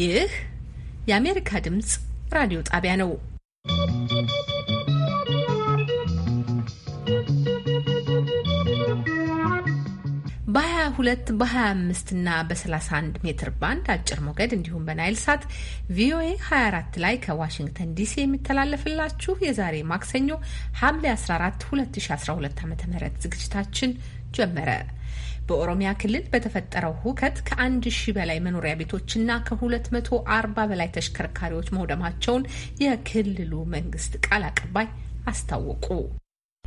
ይህ የአሜሪካ ድምፅ ራዲዮ ጣቢያ ነው። በ22 በ25 እና በ31 ሜትር ባንድ አጭር ሞገድ እንዲሁም በናይል ሳት ቪኦኤ 24 ላይ ከዋሽንግተን ዲሲ የሚተላለፍላችሁ የዛሬ ማክሰኞ ሐምሌ 14 2012 ዓ ም ዝግጅታችን ጀመረ። በኦሮሚያ ክልል በተፈጠረው ሁከት ከአንድ ሺህ በላይ መኖሪያ ቤቶችና ከ240 በላይ ተሽከርካሪዎች መውደማቸውን የክልሉ መንግስት ቃል አቀባይ አስታወቁ።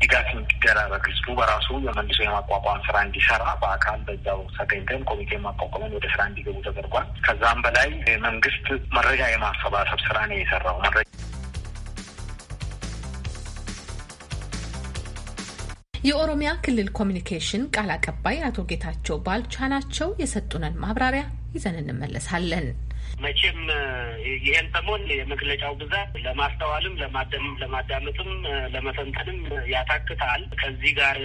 ድጋፍ እንዲደራረግ ህዝቡ በራሱ የመልሶ የማቋቋም ስራ እንዲሰራ በአካል በዛው ተገኝተን ኮሚቴ ማቋቋመን ወደ ስራ እንዲገቡ ተደርጓል። ከዛም በላይ መንግስት መረጃ የማሰባሰብ ስራ ነው የሰራው መረጃ የኦሮሚያ ክልል ኮሚኒኬሽን ቃል አቀባይ አቶ ጌታቸው ባልቻ ናቸው። የሰጡንን ማብራሪያ ይዘን እንመለሳለን። መቼም ይሄን ሰሞን የመግለጫው ብዛት ለማስተዋልም ለማዳመጥም ለመተንተንም ያታክታል። ከዚህ ጋር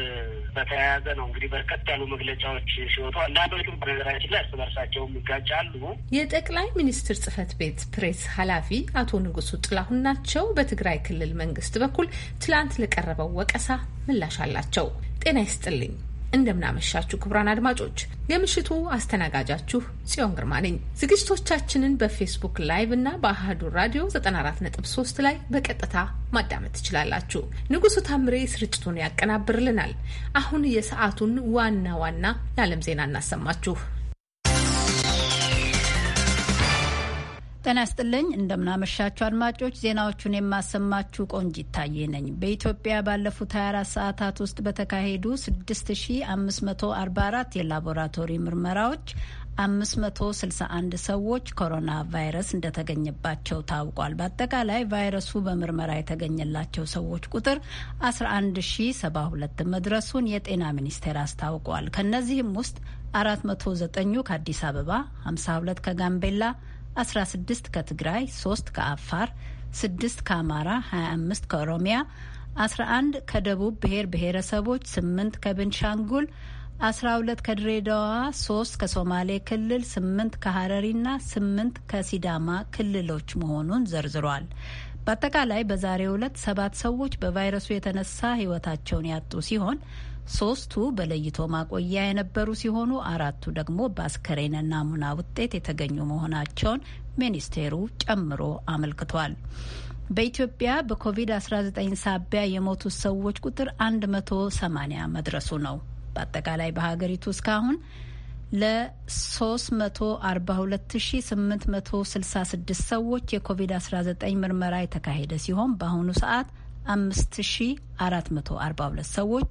በተያያዘ ነው እንግዲህ በርከት ያሉ መግለጫዎች ሲወጡ አንዳንዶቹም በነገራችን ላይ እርስ በርሳቸውም ይጋጫሉ። የጠቅላይ ሚኒስትር ጽህፈት ቤት ፕሬስ ኃላፊ አቶ ንጉሱ ጥላሁን ናቸው። በትግራይ ክልል መንግስት በኩል ትላንት ለቀረበው ወቀሳ ምላሽ አላቸው። ጤና ይስጥልኝ። እንደምናመሻችሁ ክቡራን አድማጮች፣ የምሽቱ አስተናጋጃችሁ ጽዮን ግርማ ነኝ። ዝግጅቶቻችንን በፌስቡክ ላይቭ እና በአህዱ ራዲዮ 94.3 ላይ በቀጥታ ማዳመጥ ትችላላችሁ። ንጉሱ ታምሬ ስርጭቱን ያቀናብርልናል። አሁን የሰዓቱን ዋና ዋና የዓለም ዜና እናሰማችሁ። ጤና ይስጥልኝ እንደምናመሻችሁ አድማጮች፣ ዜናዎቹን የማሰማችሁ ቆንጅ ይታየ ነኝ። በኢትዮጵያ ባለፉት 24 ሰዓታት ውስጥ በተካሄዱ 6544 የላቦራቶሪ ምርመራዎች 561 ሰዎች ኮሮና ቫይረስ እንደተገኘባቸው ታውቋል። በአጠቃላይ ቫይረሱ በምርመራ የተገኘላቸው ሰዎች ቁጥር 11072 መድረሱን የጤና ሚኒስቴር አስታውቋል። ከእነዚህም ውስጥ 409 ከአዲስ አበባ፣ 52 ከጋምቤላ 16 ከትግራይ፣ 3 ከአፋር፣ 6 ከአማራ፣ 25 ከኦሮሚያ፣ 11 ከደቡብ ብሔር ብሔረሰቦች፣ 8 ከብንሻንጉል፣ 12 ከድሬዳዋ፣ 3 ከሶማሌ ክልል፣ 8 ከሐረሪና 8 ከሲዳማ ክልሎች መሆኑን ዘርዝሯል። በአጠቃላይ በዛሬው ዕለት ሰባት ሰዎች በቫይረሱ የተነሳ ሕይወታቸውን ያጡ ሲሆን ሶስቱ በለይቶ ማቆያ የነበሩ ሲሆኑ አራቱ ደግሞ በአስከሬን ናሙና ውጤት የተገኙ መሆናቸውን ሚኒስቴሩ ጨምሮ አመልክቷል። በኢትዮጵያ በኮቪድ-19 ሳቢያ የሞቱ ሰዎች ቁጥር 180 መድረሱ ነው። በአጠቃላይ በሀገሪቱ እስካሁን ለ342866 ሰዎች የኮቪድ-19 ምርመራ የተካሄደ ሲሆን በአሁኑ ሰዓት 5442 ሰዎች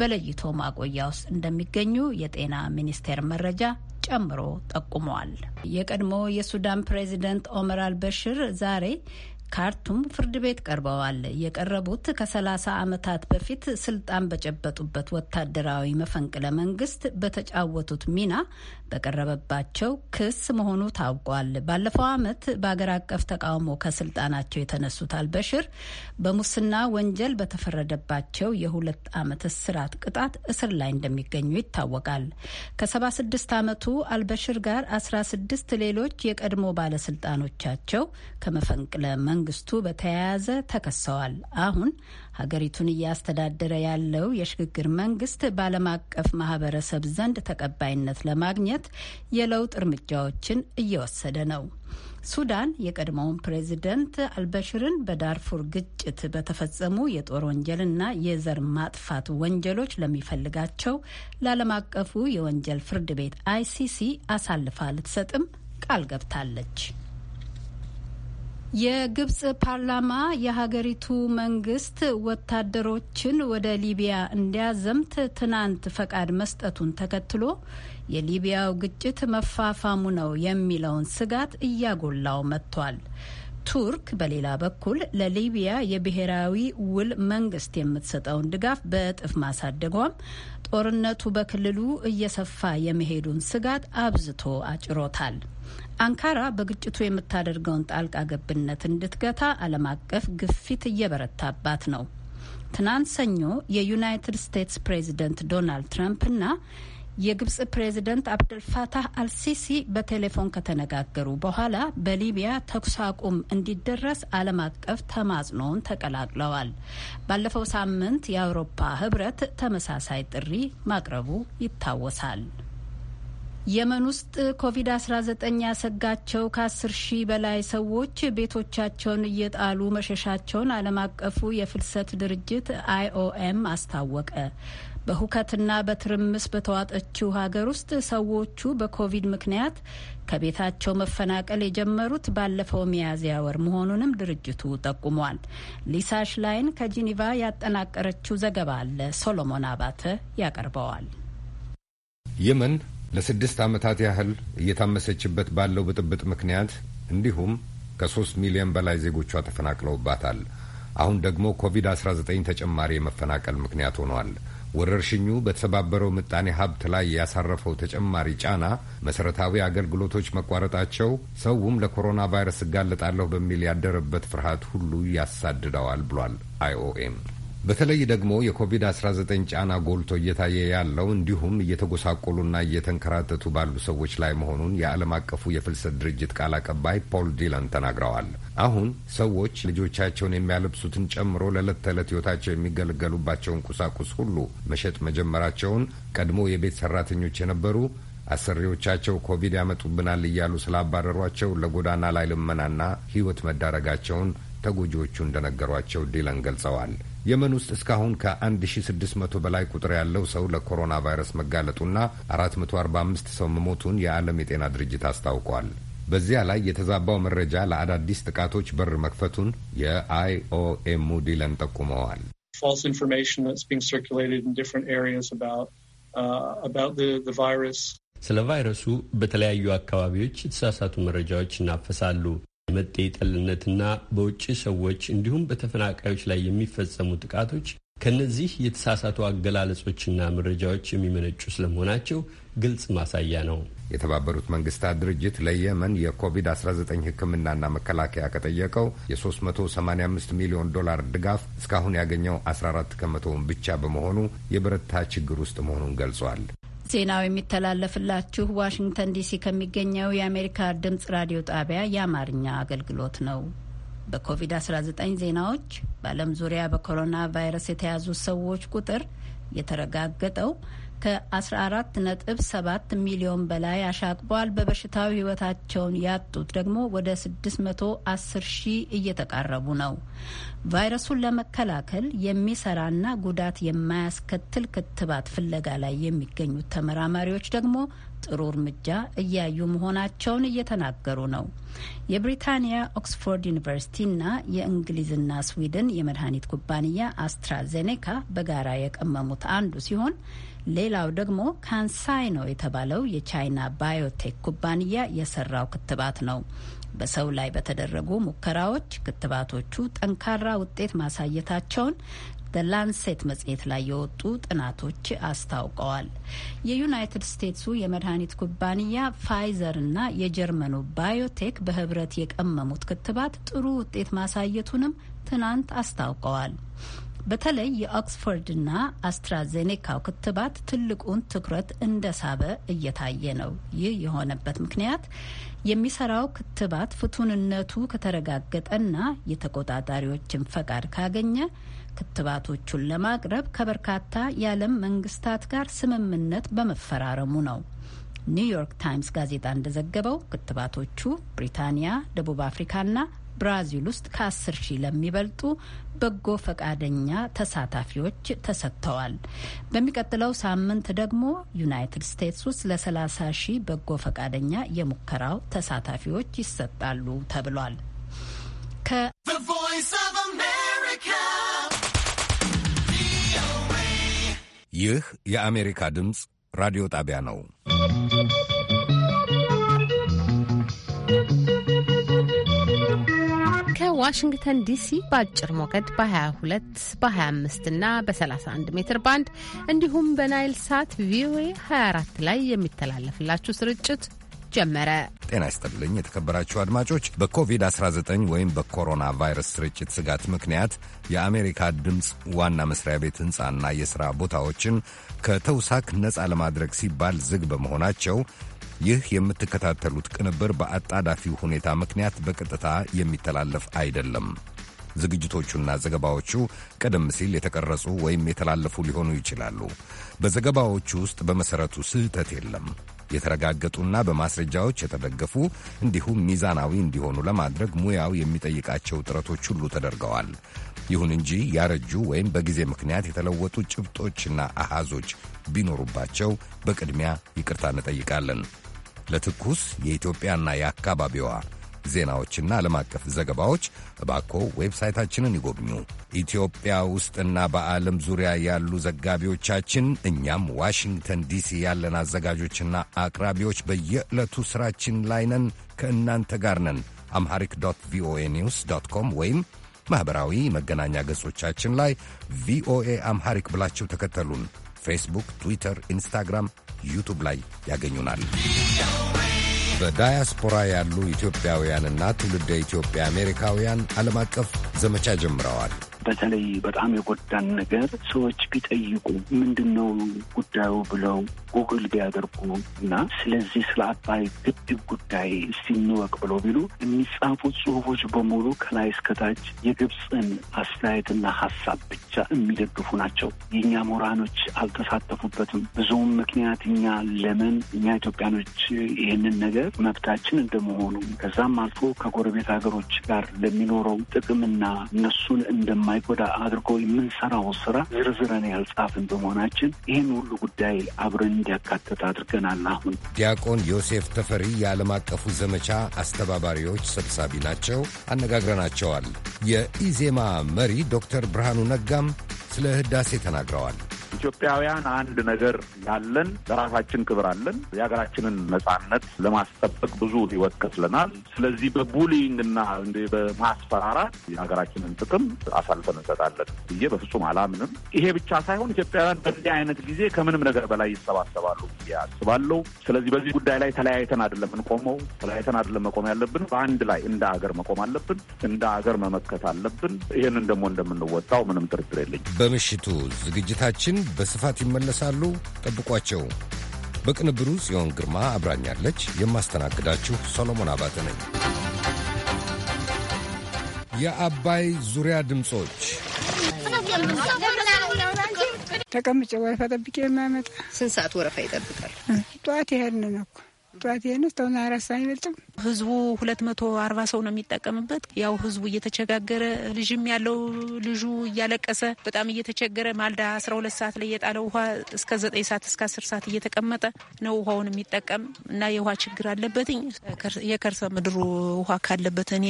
በለይቶ ማቆያ ውስጥ እንደሚገኙ የጤና ሚኒስቴር መረጃ ጨምሮ ጠቁመዋል። የቀድሞ የሱዳን ፕሬዚደንት ኦመር አልበሽር ዛሬ ካርቱም ፍርድ ቤት ቀርበዋል። የቀረቡት ከ30 ዓመታት በፊት ስልጣን በጨበጡበት ወታደራዊ መፈንቅለ መንግስት በተጫወቱት ሚና በቀረበባቸው ክስ መሆኑ ታውቋል። ባለፈው ዓመት በአገር አቀፍ ተቃውሞ ከስልጣናቸው የተነሱት አልበሽር በሙስና ወንጀል በተፈረደባቸው የሁለት ዓመት እስራት ቅጣት እስር ላይ እንደሚገኙ ይታወቃል። ከ76 ዓመቱ አልበሽር ጋር 16 ሌሎች የቀድሞ ባለስልጣኖቻቸው ከመፈንቅለ መንግስቱ በተያያዘ ተከሰዋል። አሁን ሀገሪቱን እያስተዳደረ ያለው የሽግግር መንግስት በዓለም አቀፍ ማህበረሰብ ዘንድ ተቀባይነት ለማግኘት የለውጥ እርምጃዎችን እየወሰደ ነው። ሱዳን የቀድሞውን ፕሬዚደንት አልበሽርን በዳርፉር ግጭት በተፈጸሙ የጦር ወንጀልና የዘር ማጥፋት ወንጀሎች ለሚፈልጋቸው ለዓለም አቀፉ የወንጀል ፍርድ ቤት አይሲሲ አሳልፋ ልትሰጥም ቃል ገብታለች። የግብጽ ፓርላማ የሀገሪቱ መንግስት ወታደሮችን ወደ ሊቢያ እንዲያዘምት ትናንት ፈቃድ መስጠቱን ተከትሎ የሊቢያው ግጭት መፋፋሙ ነው የሚለውን ስጋት እያጎላው መጥቷል። ቱርክ በሌላ በኩል ለሊቢያ የብሔራዊ ውል መንግስት የምትሰጠውን ድጋፍ በእጥፍ ማሳደጓም ጦርነቱ በክልሉ እየሰፋ የመሄዱን ስጋት አብዝቶ አጭሮታል። አንካራ በግጭቱ የምታደርገውን ጣልቃ ገብነት እንድትገታ ዓለም አቀፍ ግፊት እየበረታባት ነው። ትናንት ሰኞ የዩናይትድ ስቴትስ ፕሬዚደንት ዶናልድ ትራምፕና የግብጽ ፕሬዚደንት አብደልፋታህ አልሲሲ በቴሌፎን ከተነጋገሩ በኋላ በሊቢያ ተኩስ አቁም እንዲደረስ ዓለም አቀፍ ተማጽኖውን ተቀላቅለዋል። ባለፈው ሳምንት የአውሮፓ ህብረት ተመሳሳይ ጥሪ ማቅረቡ ይታወሳል። የመን ውስጥ ኮቪድ-19 ያሰጋቸው ከ10 ሺህ በላይ ሰዎች ቤቶቻቸውን እየጣሉ መሸሻቸውን ዓለም አቀፉ የፍልሰት ድርጅት አይኦኤም አስታወቀ። በሁከትና በትርምስ በተዋጠችው ሀገር ውስጥ ሰዎቹ በኮቪድ ምክንያት ከቤታቸው መፈናቀል የጀመሩት ባለፈው ሚያዝያ ወር መሆኑንም ድርጅቱ ጠቁሟል። ሊሳ ሽላይን ከጂኒቫ ያጠናቀረችው ዘገባ አለ። ሶሎሞን አባተ ያቀርበዋል። የመን ለስድስት ዓመታት ያህል እየታመሰችበት ባለው ብጥብጥ ምክንያት እንዲሁም ከሶስት ሚሊዮን በላይ ዜጎቿ ተፈናቅለውባታል። አሁን ደግሞ ኮቪድ-19 ተጨማሪ የመፈናቀል ምክንያት ሆኗል። ወረርሽኙ በተሰባበረው ምጣኔ ሀብት ላይ ያሳረፈው ተጨማሪ ጫና፣ መሰረታዊ አገልግሎቶች መቋረጣቸው፣ ሰውም ለኮሮና ቫይረስ እጋለጣለሁ በሚል ያደረበት ፍርሃት ሁሉ ያሳድደዋል ብሏል አይኦኤም። በተለይ ደግሞ የኮቪድ-19 ጫና ጎልቶ እየታየ ያለው እንዲሁም እየተጎሳቆሉና እየተንከራተቱ ባሉ ሰዎች ላይ መሆኑን የዓለም አቀፉ የፍልሰት ድርጅት ቃል አቀባይ ፖል ዲለን ተናግረዋል። አሁን ሰዎች ልጆቻቸውን የሚያለብሱትን ጨምሮ ለዕለት ተዕለት ሕይወታቸው የሚገለገሉባቸውን ቁሳቁስ ሁሉ መሸጥ መጀመራቸውን ቀድሞ የቤት ሰራተኞች የነበሩ አሰሪዎቻቸው ኮቪድ ያመጡብናል እያሉ ስላባረሯቸው ለጎዳና ላይ ልመናና ሕይወት መዳረጋቸውን ተጎጂዎቹ እንደነገሯቸው ዲለን ገልጸዋል። የመን ውስጥ እስካሁን ከ1600 በላይ ቁጥር ያለው ሰው ለኮሮና ቫይረስ መጋለጡና 445 ሰው መሞቱን የዓለም የጤና ድርጅት አስታውቋል። በዚያ ላይ የተዛባው መረጃ ለአዳዲስ ጥቃቶች በር መክፈቱን የአይኦኤም ዲለን ጠቁመዋል። uh, ስለ ቫይረሱ በተለያዩ አካባቢዎች የተሳሳቱ መረጃዎች ይናፈሳሉ። የመጤ ጠልነትና በውጭ ሰዎች እንዲሁም በተፈናቃዮች ላይ የሚፈጸሙ ጥቃቶች ከነዚህ የተሳሳቱ አገላለጾችና መረጃዎች የሚመነጩ ስለመሆናቸው ግልጽ ማሳያ ነው። የተባበሩት መንግስታት ድርጅት ለየመን የኮቪድ-19 ሕክምናና መከላከያ ከጠየቀው የ385 ሚሊዮን ዶላር ድጋፍ እስካሁን ያገኘው 14 ከመቶውን ብቻ በመሆኑ የበረታ ችግር ውስጥ መሆኑን ገልጿል። ዜናው የሚተላለፍላችሁ ዋሽንግተን ዲሲ ከሚገኘው የአሜሪካ ድምጽ ራዲዮ ጣቢያ የአማርኛ አገልግሎት ነው። በኮቪድ-19 ዜናዎች በዓለም ዙሪያ በኮሮና ቫይረስ የተያዙ ሰዎች ቁጥር የተረጋገጠው ከ 147 ነጥብ ሚሊዮን በላይ አሻቅቧል። በበሽታው ህይወታቸውን ያጡት ደግሞ ወደ 610 ሺህ እየተቃረቡ ነው። ቫይረሱን ለመከላከል የሚሰራና ጉዳት የማያስከትል ክትባት ፍለጋ ላይ የሚገኙት ተመራማሪዎች ደግሞ ጥሩ እርምጃ እያዩ መሆናቸውን እየተናገሩ ነው። የብሪታንያ ኦክስፎርድ ዩኒቨርሲቲና የእንግሊዝና ስዊድን የመድኃኒት ኩባንያ አስትራዜኔካ በጋራ የቀመሙት አንዱ ሲሆን ሌላው ደግሞ ካንሳይ ነው የተባለው የቻይና ባዮቴክ ኩባንያ የሰራው ክትባት ነው። በሰው ላይ በተደረጉ ሙከራዎች ክትባቶቹ ጠንካራ ውጤት ማሳየታቸውን ላንሴት መጽሔት ላይ የወጡ ጥናቶች አስታውቀዋል። የዩናይትድ ስቴትሱ የመድኃኒት ኩባንያ ፋይዘር እና የጀርመኑ ባዮቴክ በህብረት የቀመሙት ክትባት ጥሩ ውጤት ማሳየቱንም ትናንት አስታውቀዋል። በተለይ የኦክስፎርድና አስትራዜኔካው ክትባት ትልቁን ትኩረት እንደሳበ እየታየ ነው። ይህ የሆነበት ምክንያት የሚሰራው ክትባት ፍቱንነቱ ከተረጋገጠና የተቆጣጣሪዎችን ፈቃድ ካገኘ ክትባቶቹን ለማቅረብ ከበርካታ የዓለም መንግስታት ጋር ስምምነት በመፈራረሙ ነው። ኒውዮርክ ታይምስ ጋዜጣ እንደዘገበው ክትባቶቹ ብሪታንያ፣ ደቡብ አፍሪካና ብራዚል ውስጥ ከ10 ሺህ ለሚበልጡ በጎ ፈቃደኛ ተሳታፊዎች ተሰጥተዋል። በሚቀጥለው ሳምንት ደግሞ ዩናይትድ ስቴትስ ውስጥ ለ30 ሺህ በጎ ፈቃደኛ የሙከራው ተሳታፊዎች ይሰጣሉ ተብሏል። ይህ የአሜሪካ ድምፅ ራዲዮ ጣቢያ ነው። በዋሽንግተን ዲሲ በአጭር ሞገድ በ22 በ25 እና በ31 ሜትር ባንድ እንዲሁም በናይል ሳት ቪኦኤ 24 ላይ የሚተላለፍላችሁ ስርጭት ጀመረ። ጤና ይስጥልኝ የተከበራችሁ አድማጮች። በኮቪድ-19 ወይም በኮሮና ቫይረስ ስርጭት ስጋት ምክንያት የአሜሪካ ድምፅ ዋና መስሪያ ቤት ሕንፃና የሥራ ቦታዎችን ከተውሳክ ነፃ ለማድረግ ሲባል ዝግ በመሆናቸው ይህ የምትከታተሉት ቅንብር በአጣዳፊ ሁኔታ ምክንያት በቀጥታ የሚተላለፍ አይደለም። ዝግጅቶቹና ዘገባዎቹ ቀደም ሲል የተቀረጹ ወይም የተላለፉ ሊሆኑ ይችላሉ። በዘገባዎቹ ውስጥ በመሠረቱ ስህተት የለም። የተረጋገጡና በማስረጃዎች የተደገፉ እንዲሁም ሚዛናዊ እንዲሆኑ ለማድረግ ሙያው የሚጠይቃቸው ጥረቶች ሁሉ ተደርገዋል። ይሁን እንጂ ያረጁ ወይም በጊዜ ምክንያት የተለወጡ ጭብጦችና አሃዞች ቢኖሩባቸው በቅድሚያ ይቅርታ እንጠይቃለን። ለትኩስ የኢትዮጵያና የአካባቢዋ ዜናዎችና ዓለም አቀፍ ዘገባዎች እባኮ ዌብሳይታችንን ይጎብኙ። ኢትዮጵያ ውስጥና በዓለም ዙሪያ ያሉ ዘጋቢዎቻችን፣ እኛም ዋሽንግተን ዲሲ ያለን አዘጋጆችና አቅራቢዎች በየዕለቱ ሥራችን ላይ ነን። ከእናንተ ጋር ነን። አምሐሪክ ዶት ቪኦኤ ኒውስ ዶት ኮም ወይም ማኅበራዊ መገናኛ ገጾቻችን ላይ ቪኦኤ አምሐሪክ ብላችሁ ተከተሉን። ፌስቡክ፣ ትዊተር፣ ኢንስታግራም ዩቱብ ላይ ያገኙናል። በዳያስፖራ ያሉ ኢትዮጵያውያንና ትውልደ ኢትዮጵያ አሜሪካውያን ዓለም አቀፍ ዘመቻ ጀምረዋል። በተለይ በጣም የጎዳን ነገር ሰዎች ቢጠይቁ ምንድን ነው ጉዳዩ ብለው ጉግል ቢያደርጉ እና ስለዚህ ስለ አባይ ግድብ ጉዳይ ሲንወቅ ብለው ቢሉ የሚጻፉ ጽሁፎች በሙሉ ከላይ እስከታች የግብፅን አስተያየትና ሀሳብ ብቻ የሚደግፉ ናቸው። የእኛ ምሁራኖች አልተሳተፉበትም። ብዙውም ምክንያት እኛ ለምን እኛ ኢትዮጵያኖች ይህንን ነገር መብታችን እንደመሆኑ ከዛም አልፎ ከጎረቤት ሀገሮች ጋር ለሚኖረው ጥቅምና እነሱን እንደማ የማይጎዳ አድርጎ የምንሰራው ስራ ዝርዝረን ያልጻፍን በመሆናችን ይህን ሁሉ ጉዳይ አብረን እንዲያካትት አድርገናል። አሁን ዲያቆን ዮሴፍ ተፈሪ የዓለም አቀፉ ዘመቻ አስተባባሪዎች ሰብሳቢ ናቸው። አነጋግረናቸዋል። የኢዜማ መሪ ዶክተር ብርሃኑ ነጋም ስለ ህዳሴ ተናግረዋል። ኢትዮጵያውያን አንድ ነገር ያለን ለራሳችን ክብር አለን። የሀገራችንን ነጻነት ለማስጠበቅ ብዙ ህይወት ከፍለናል። ስለዚህ በቡሊንግ እና በማስፈራራት የሀገራችንን ጥቅም አሳልፈን እንሰጣለን ብዬ በፍጹም አላምንም። ይሄ ብቻ ሳይሆን ኢትዮጵያውያን በዚህ አይነት ጊዜ ከምንም ነገር በላይ ይሰባሰባሉ አስባለሁ። ስለዚህ በዚህ ጉዳይ ላይ ተለያይተን አይደለም እንቆመው፣ ተለያይተን አይደለም መቆም ያለብን፣ በአንድ ላይ እንደ ሀገር መቆም አለብን፣ እንደ ሀገር መመከት አለብን። ይህንን ደግሞ እንደምንወጣው ምንም ጥርጥር የለኝም። በምሽቱ ዝግጅታችን በስፋት ይመለሳሉ። ጠብቋቸው። በቅንብሩ ጽዮን ግርማ አብራኛለች። የማስተናግዳችሁ ሰሎሞን አባተ ነኝ። የአባይ ዙሪያ ድምፆች ተቀምጬ ወረፋ ጠብቄ የማያመጣ ስንት ሰዓት ወረፋ ይጠብቃል? ጠዋት ይሄድን እኮ ጧት ነው እስካሁን አራት ሰዓት አይበልጥም። ህዝቡ ሁለት መቶ አርባ ሰው ነው የሚጠቀምበት። ያው ህዝቡ እየተቸጋገረ ልጅም ያለው ልጁ እያለቀሰ በጣም እየተቸገረ ማልዳ አስራ ሁለት ሰዓት ላይ የጣለ ውሃ እስከ ዘጠኝ ሰዓት እስከ አስር ሰዓት እየተቀመጠ ነው ውሃውን የሚጠቀም እና የውሃ ችግር አለበትኝ የከርሰ ምድሩ ውሃ ካለበት እኔ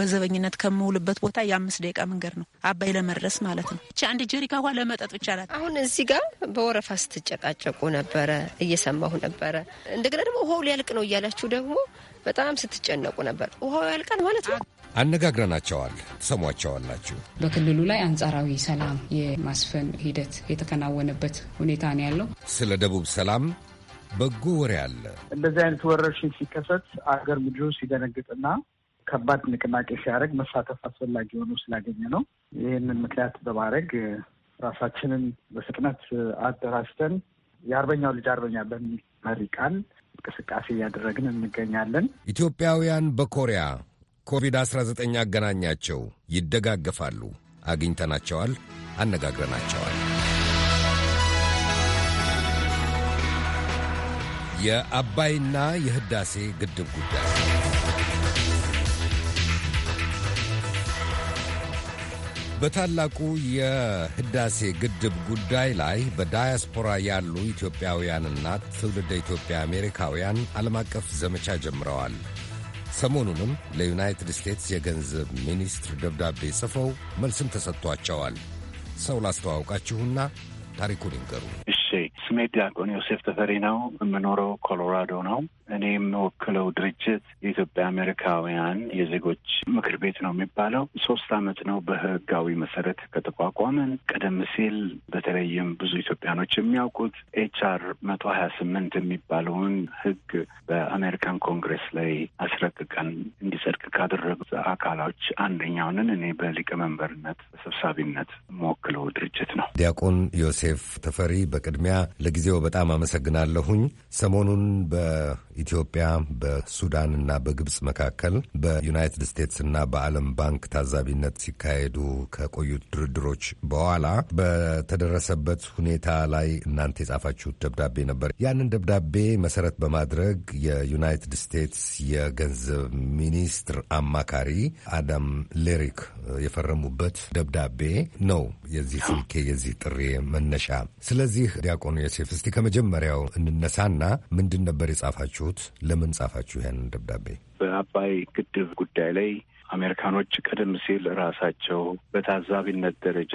በዘበኝነት ከምውልበት ቦታ የአምስት ደቂቃ መንገድ ነው አባይ ለመድረስ ማለት ነው። ብቻ አንድ ጀሪካ ውሃ ለመጠጥ ይቻላል። አሁን እዚህ ጋር በወረፋ ስትጨቃጨቁ ነበረ እየሰማሁ ነበረ። እንደገና ደግሞ ውሃው ሊያልቅ ነው እያላችሁ ደግሞ በጣም ስትጨነቁ ነበር። ውሃው ያልቃል ማለት ነው። አነጋግረናቸዋል፣ ትሰሟቸዋላችሁ። በክልሉ ላይ አንጻራዊ ሰላም የማስፈን ሂደት የተከናወነበት ሁኔታ ነው ያለው። ስለ ደቡብ ሰላም በጎ ወሬ አለ። እንደዚህ አይነት ወረርሽኝ ሲከሰት አገር ምድሩ ሲደነግጥና ከባድ ንቅናቄ ሲያደርግ መሳተፍ አስፈላጊ ሆኖ ስላገኘ ነው። ይህንን ምክንያት በማድረግ ራሳችንን በፍጥነት አደራጅተን የአርበኛው ልጅ አርበኛ በሚል መሪ ቃል እንቅስቃሴ እያደረግን እንገኛለን። ኢትዮጵያውያን በኮሪያ ኮቪድ-19 አገናኛቸው፣ ይደጋገፋሉ። አግኝተናቸዋል፣ አነጋግረናቸዋል። የአባይና የህዳሴ ግድብ ጉዳይ በታላቁ የህዳሴ ግድብ ጉዳይ ላይ በዳያስፖራ ያሉ ኢትዮጵያውያንና ትውልደ ኢትዮጵያ አሜሪካውያን ዓለም አቀፍ ዘመቻ ጀምረዋል። ሰሞኑንም ለዩናይትድ ስቴትስ የገንዘብ ሚኒስትር ደብዳቤ ጽፈው መልስም ተሰጥቷቸዋል። ሰው ላስተዋውቃችሁና ታሪኩን ይንገሩ። እሺ ስሜ ዲያቆን ዮሴፍ ተፈሪ ነው። የምኖረው ኮሎራዶ ነው። እኔ የምወክለው ድርጅት የኢትዮጵያ አሜሪካውያን የዜጎች ምክር ቤት ነው የሚባለው። ሶስት አመት ነው በህጋዊ መሰረት ከተቋቋመን። ቀደም ሲል በተለይም ብዙ ኢትዮጵያኖች የሚያውቁት ኤች አር መቶ ሀያ ስምንት የሚባለውን ህግ በአሜሪካን ኮንግሬስ ላይ አስረቅቀን እንዲጸድቅ ካደረጉት አካሎች አንደኛውንን እኔ በሊቀመንበርነት ሰብሳቢነት የምወክለው ድርጅት ነው። ዲያቆን ዮሴፍ ተፈሪ በቅድሚያ ለጊዜው በጣም አመሰግናለሁኝ። ሰሞኑን በኢትዮጵያ በሱዳንና በግብፅ መካከል በዩናይትድ ስቴትስና በዓለም ባንክ ታዛቢነት ሲካሄዱ ከቆዩት ድርድሮች በኋላ በተደረሰበት ሁኔታ ላይ እናንተ የጻፋችሁት ደብዳቤ ነበር። ያንን ደብዳቤ መሰረት በማድረግ የዩናይትድ ስቴትስ የገንዘብ ሚኒስትር አማካሪ አዳም ሌሪክ የፈረሙበት ደብዳቤ ነው የዚህ ስልኬ የዚህ ጥሪ መነሻ። ስለዚህ ዲያቆኑ ሴፍስቲ ከመጀመሪያው እንነሳና ምንድን ነበር የጻፋችሁት? ለምን ጻፋችሁ ያንን ደብዳቤ? በአባይ ግድብ ጉዳይ ላይ አሜሪካኖች ቀደም ሲል ራሳቸው በታዛቢነት ደረጃ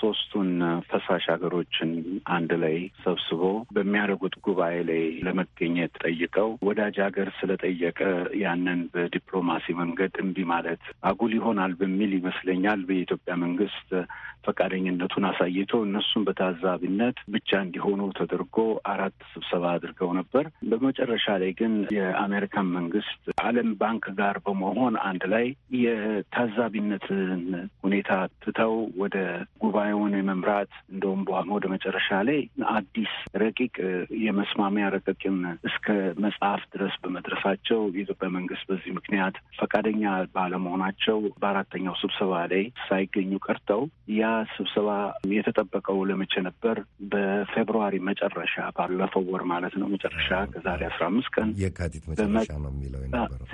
ሶስቱን ፈሳሽ ሀገሮችን አንድ ላይ ሰብስቦ በሚያደርጉት ጉባኤ ላይ ለመገኘት ጠይቀው ወዳጅ ሀገር ስለጠየቀ ያንን በዲፕሎማሲ መንገድ እምቢ ማለት አጉል ይሆናል በሚል ይመስለኛል በኢትዮጵያ መንግስት ፈቃደኝነቱን አሳይቶ እነሱም በታዛቢነት ብቻ እንዲሆኑ ተደርጎ አራት ስብሰባ አድርገው ነበር። በመጨረሻ ላይ ግን የአሜሪካን መንግስት ዓለም ባንክ ጋር በመሆን አንድ ላይ የታዛቢነትን ሁኔታ ትተው ወደ ጉባኤውን የመምራት እንደውም በኋላ ወደ መጨረሻ ላይ አዲስ ረቂቅ የመስማሚያ ረቂቅን እስከ መጽሐፍ ድረስ በመድረሳቸው የኢትዮጵያ መንግስት በዚህ ምክንያት ፈቃደኛ ባለመሆናቸው በአራተኛው ስብሰባ ላይ ሳይገኙ ቀርተው ያ ስብሰባ የተጠበቀው ለመቼ ነበር? በፌብርዋሪ መጨረሻ ባለፈው ወር ማለት ነው መጨረሻ ከዛሬ አስራ አምስት ቀን የካቲት መጨረሻ ነው የሚለው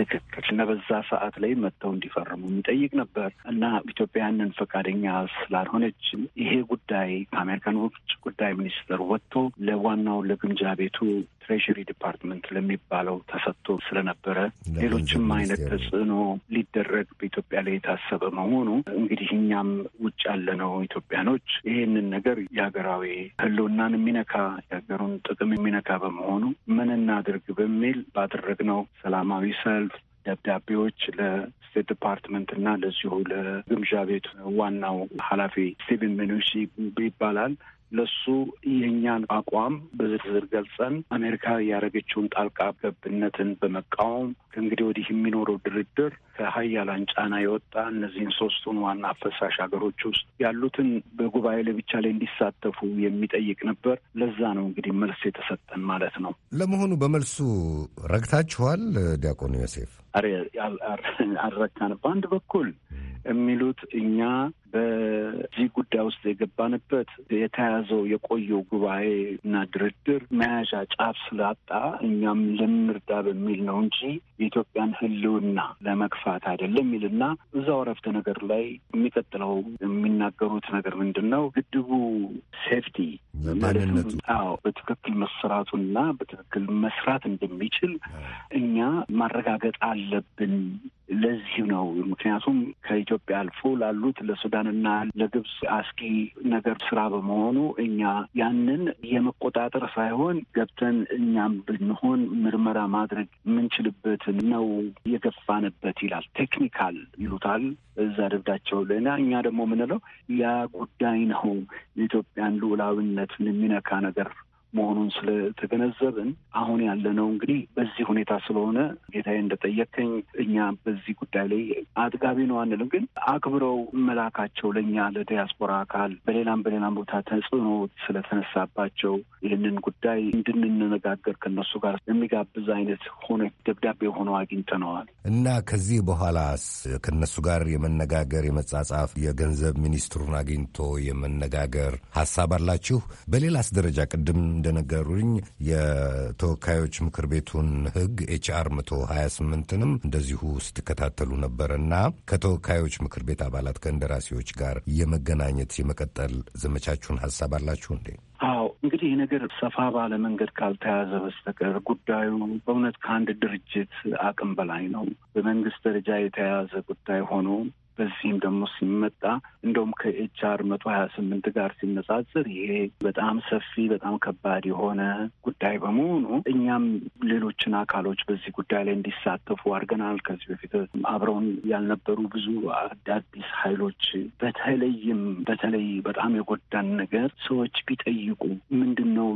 ትክክል እና በዛ ሰዓት ላይ መጥተው እንዲፈርሙ የሚጠይቅ ነበር እና ኢትዮጵያንን ፈቃደኛ ስላልሆነች ይሄ ጉዳይ ከአሜሪካን ውጭ ጉዳይ ሚኒስትር ወጥቶ ለዋናው ለግምጃ ቤቱ ትሬሽሪ ዲፓርትመንት ለሚባለው ተሰጥቶ ስለነበረ ሌሎችም አይነት ተጽዕኖ ሊደረግ በኢትዮጵያ ላይ የታሰበ መሆኑ እንግዲህ እኛም ውጭ ያለነው ኢትዮጵያኖች ይህንን ነገር የሀገራዊ ሕልውናን የሚነካ የሀገሩን ጥቅም የሚነካ በመሆኑ ምን እናድርግ በሚል ባደረግነው ሰላማዊ ሰልፍ ደብዳቤዎች ለስቴት ዲፓርትመንት እና ለዚሁ ለግምዣ ቤቱ ዋናው ኃላፊ ስቲቭን ሚኑሺን ይባላል። ለሱ የእኛን አቋም በዝርዝር ገልጸን አሜሪካ ያደረገችውን ጣልቃ ገብነትን በመቃወም ከእንግዲህ ወዲህ የሚኖረው ድርድር ከሀያላን ጫና የወጣ እነዚህን ሶስቱን ዋና አፈሳሽ ሀገሮች ውስጥ ያሉትን በጉባኤ ለብቻ ላይ እንዲሳተፉ የሚጠይቅ ነበር። ለዛ ነው እንግዲህ መልስ የተሰጠን ማለት ነው። ለመሆኑ በመልሱ ረግታችኋል ዲያቆን ዮሴፍ? አልረካንም። በአንድ በኩል የሚሉት እኛ በዚህ ጉዳይ ውስጥ የገባንበት የተያዘው የቆየው ጉባኤ እና ድርድር መያዣ ጫፍ ስላጣ እኛም ልንርዳ በሚል ነው እንጂ የኢትዮጵያን ሕልውና ለመግፋት አይደለም የሚልና እዛው ረፍተ ነገር ላይ የሚቀጥለው የሚናገሩት ነገር ምንድን ነው? ግድቡ ሴፍቲ ማለትነቱ በትክክል መሰራቱና በትክክል መስራት እንደሚችል እኛ ማረጋገጥ አለ የለብን። ለዚህ ነው ምክንያቱም ከኢትዮጵያ አልፎ ላሉት ለሱዳንና ለግብፅ አስጊ ነገር ስራ በመሆኑ እኛ ያንን የመቆጣጠር ሳይሆን ገብተን እኛም ብንሆን ምርመራ ማድረግ የምንችልበት ነው የገፋንበት ይላል። ቴክኒካል ይሉታል እዛ ደብዳቸው ለና እኛ ደግሞ የምንለው ያ ጉዳይ ነው የኢትዮጵያን ልዑላዊነት የሚነካ ነገር መሆኑን ስለተገነዘብን አሁን ያለነው እንግዲህ በዚህ ሁኔታ ስለሆነ ጌታዬ እንደጠየቀኝ እኛ በዚህ ጉዳይ ላይ አጥጋቢ ነው አንልም፣ ግን አክብረው መላካቸው ለእኛ ለዲያስፖራ አካል በሌላም በሌላም ቦታ ተጽዕኖ ስለተነሳባቸው ይህንን ጉዳይ እንድንነጋገር ከነሱ ጋር የሚጋብዝ አይነት ሆነ ደብዳቤ ሆኖ አግኝተነዋል እና ከዚህ በኋላስ ከነሱ ጋር የመነጋገር የመጻጻፍ የገንዘብ ሚኒስትሩን አግኝቶ የመነጋገር ሀሳብ አላችሁ? በሌላስ ደረጃ ቅድም እንደነገሩኝ የተወካዮች ምክር ቤቱን ህግ ኤችአር 128ንም እንደዚሁ ስትከታተሉ ነበርና ከተወካዮች ምክር ቤት አባላት ከእንደራሴዎች ጋር የመገናኘት የመቀጠል ዘመቻችሁን ሀሳብ አላችሁ እንዴ? አዎ እንግዲህ ይህ ነገር ሰፋ ባለ መንገድ ካልተያዘ በስተቀር ጉዳዩ በእውነት ከአንድ ድርጅት አቅም በላይ ነው። በመንግስት ደረጃ የተያያዘ ጉዳይ ሆኖ በዚህም ደግሞ ሲመጣ እንደውም ከኤችአር መቶ ሀያ ስምንት ጋር ሲነጻጽር ይሄ በጣም ሰፊ በጣም ከባድ የሆነ ጉዳይ በመሆኑ እኛም ሌሎችን አካሎች በዚህ ጉዳይ ላይ እንዲሳተፉ አድርገናል። ከዚህ በፊት አብረውን ያልነበሩ ብዙ አዳዲስ ኃይሎች በተለይም በተለይ በጣም የጎዳን ነገር ሰዎች ቢጠይቁ ምንድን ነው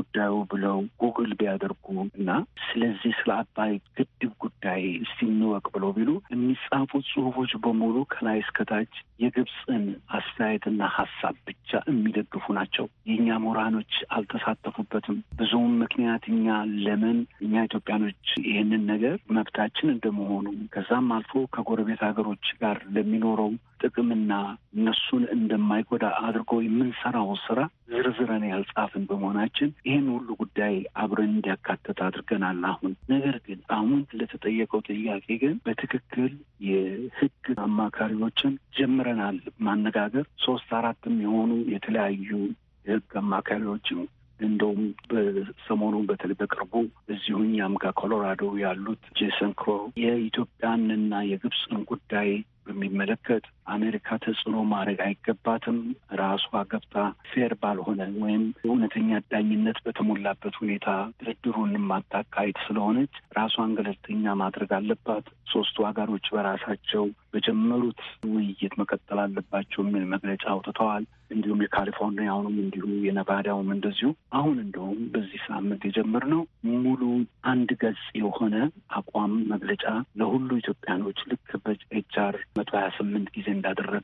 ጉዳዩ ብለው ጉግል ቢያደርጉ እና ስለዚህ ስለ አባይ ግድብ ጉዳይ እስቲ እንወቅ ብለው ቢሉ የሚጻፉት ጽሁፎች በሙሉ ከላይ እስከታች የግብፅን አስተያየትና ሀሳብ ብቻ የሚደግፉ ናቸው። የእኛ ምሁራኖች አልተሳተፉበትም። ብዙም ምክንያት እኛ ለምን እኛ ኢትዮጵያኖች ይህንን ነገር መብታችን እንደመሆኑ ከዛም አልፎ ከጎረቤት ሀገሮች ጋር ለሚኖረው ጥቅምና እነሱን እንደማይጎዳ አድርጎ የምንሰራው ስራ ዝርዝረን ያልጻፍን በመሆናችን ይህን ሁሉ ጉዳይ አብረን እንዲያካተት አድርገናል። አሁን ነገር ግን አሁን ለተጠየቀው ጥያቄ ግን በትክክል የህግ አማካሪዎችን ጀምረናል ማነጋገር። ሶስት አራትም የሆኑ የተለያዩ የህግ አማካሪዎችም እንደውም በሰሞኑ በተለይ በቅርቡ እዚሁ እኛም ጋር ኮሎራዶ ያሉት ጄሰን ክሮ የኢትዮጵያንና የግብፅን ጉዳይ በሚመለከት አሜሪካ ተጽዕኖ ማድረግ አይገባትም፣ ራሷ ገብታ ፌር ባልሆነ ወይም እውነተኛ ዳኝነት በተሞላበት ሁኔታ ድርድሩን ማታካሄድ ስለሆነች ራሷን ገለልተኛ ማድረግ አለባት፣ ሶስቱ ሀገሮች በራሳቸው በጀመሩት ውይይት መቀጠል አለባቸው የሚል መግለጫ አውጥተዋል። እንዲሁም የካሊፎርኒያውንም እንዲሁ የነቫዳውም እንደዚሁ አሁን እንደውም በዚህ ሳምንት የጀመርነው ሙሉ አንድ ገጽ የሆነ አቋም መግለጫ ለሁሉ ኢትዮጵያኖች ልክ በኤችአር መቶ ሀያ ስምንት ጊዜ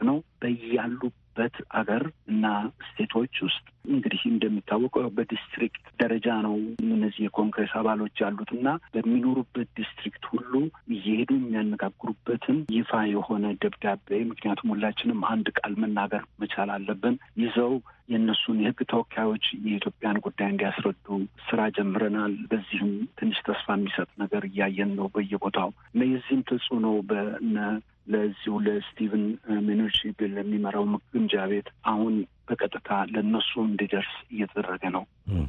ነው በያሉበት አገር እና ስቴቶች ውስጥ እንግዲህ እንደሚታወቀው በዲስትሪክት ደረጃ ነው እነዚህ የኮንግረስ አባሎች ያሉት እና በሚኖሩበት ዲስትሪክት ሁሉ እየሄዱ የሚያነጋግሩበትን ይፋ የሆነ ደብዳቤ ምክንያቱም ሁላችንም አንድ ቃል መናገር መቻል አለብን ይዘው የእነሱን የህግ ተወካዮች የኢትዮጵያን ጉዳይ እንዲያስረዱ ስራ ጀምረናል። በዚህም ትንሽ ተስፋ የሚሰጥ ነገር እያየን ነው በየቦታው እና የዚህም ተጽዕኖ በነ ለዚሁ ለስቲቨን ሚኑቺን ለሚመራው ግምጃ ቤት አሁን በቀጥታ ለነሱ እንዲደርስ እየተደረገ ነው።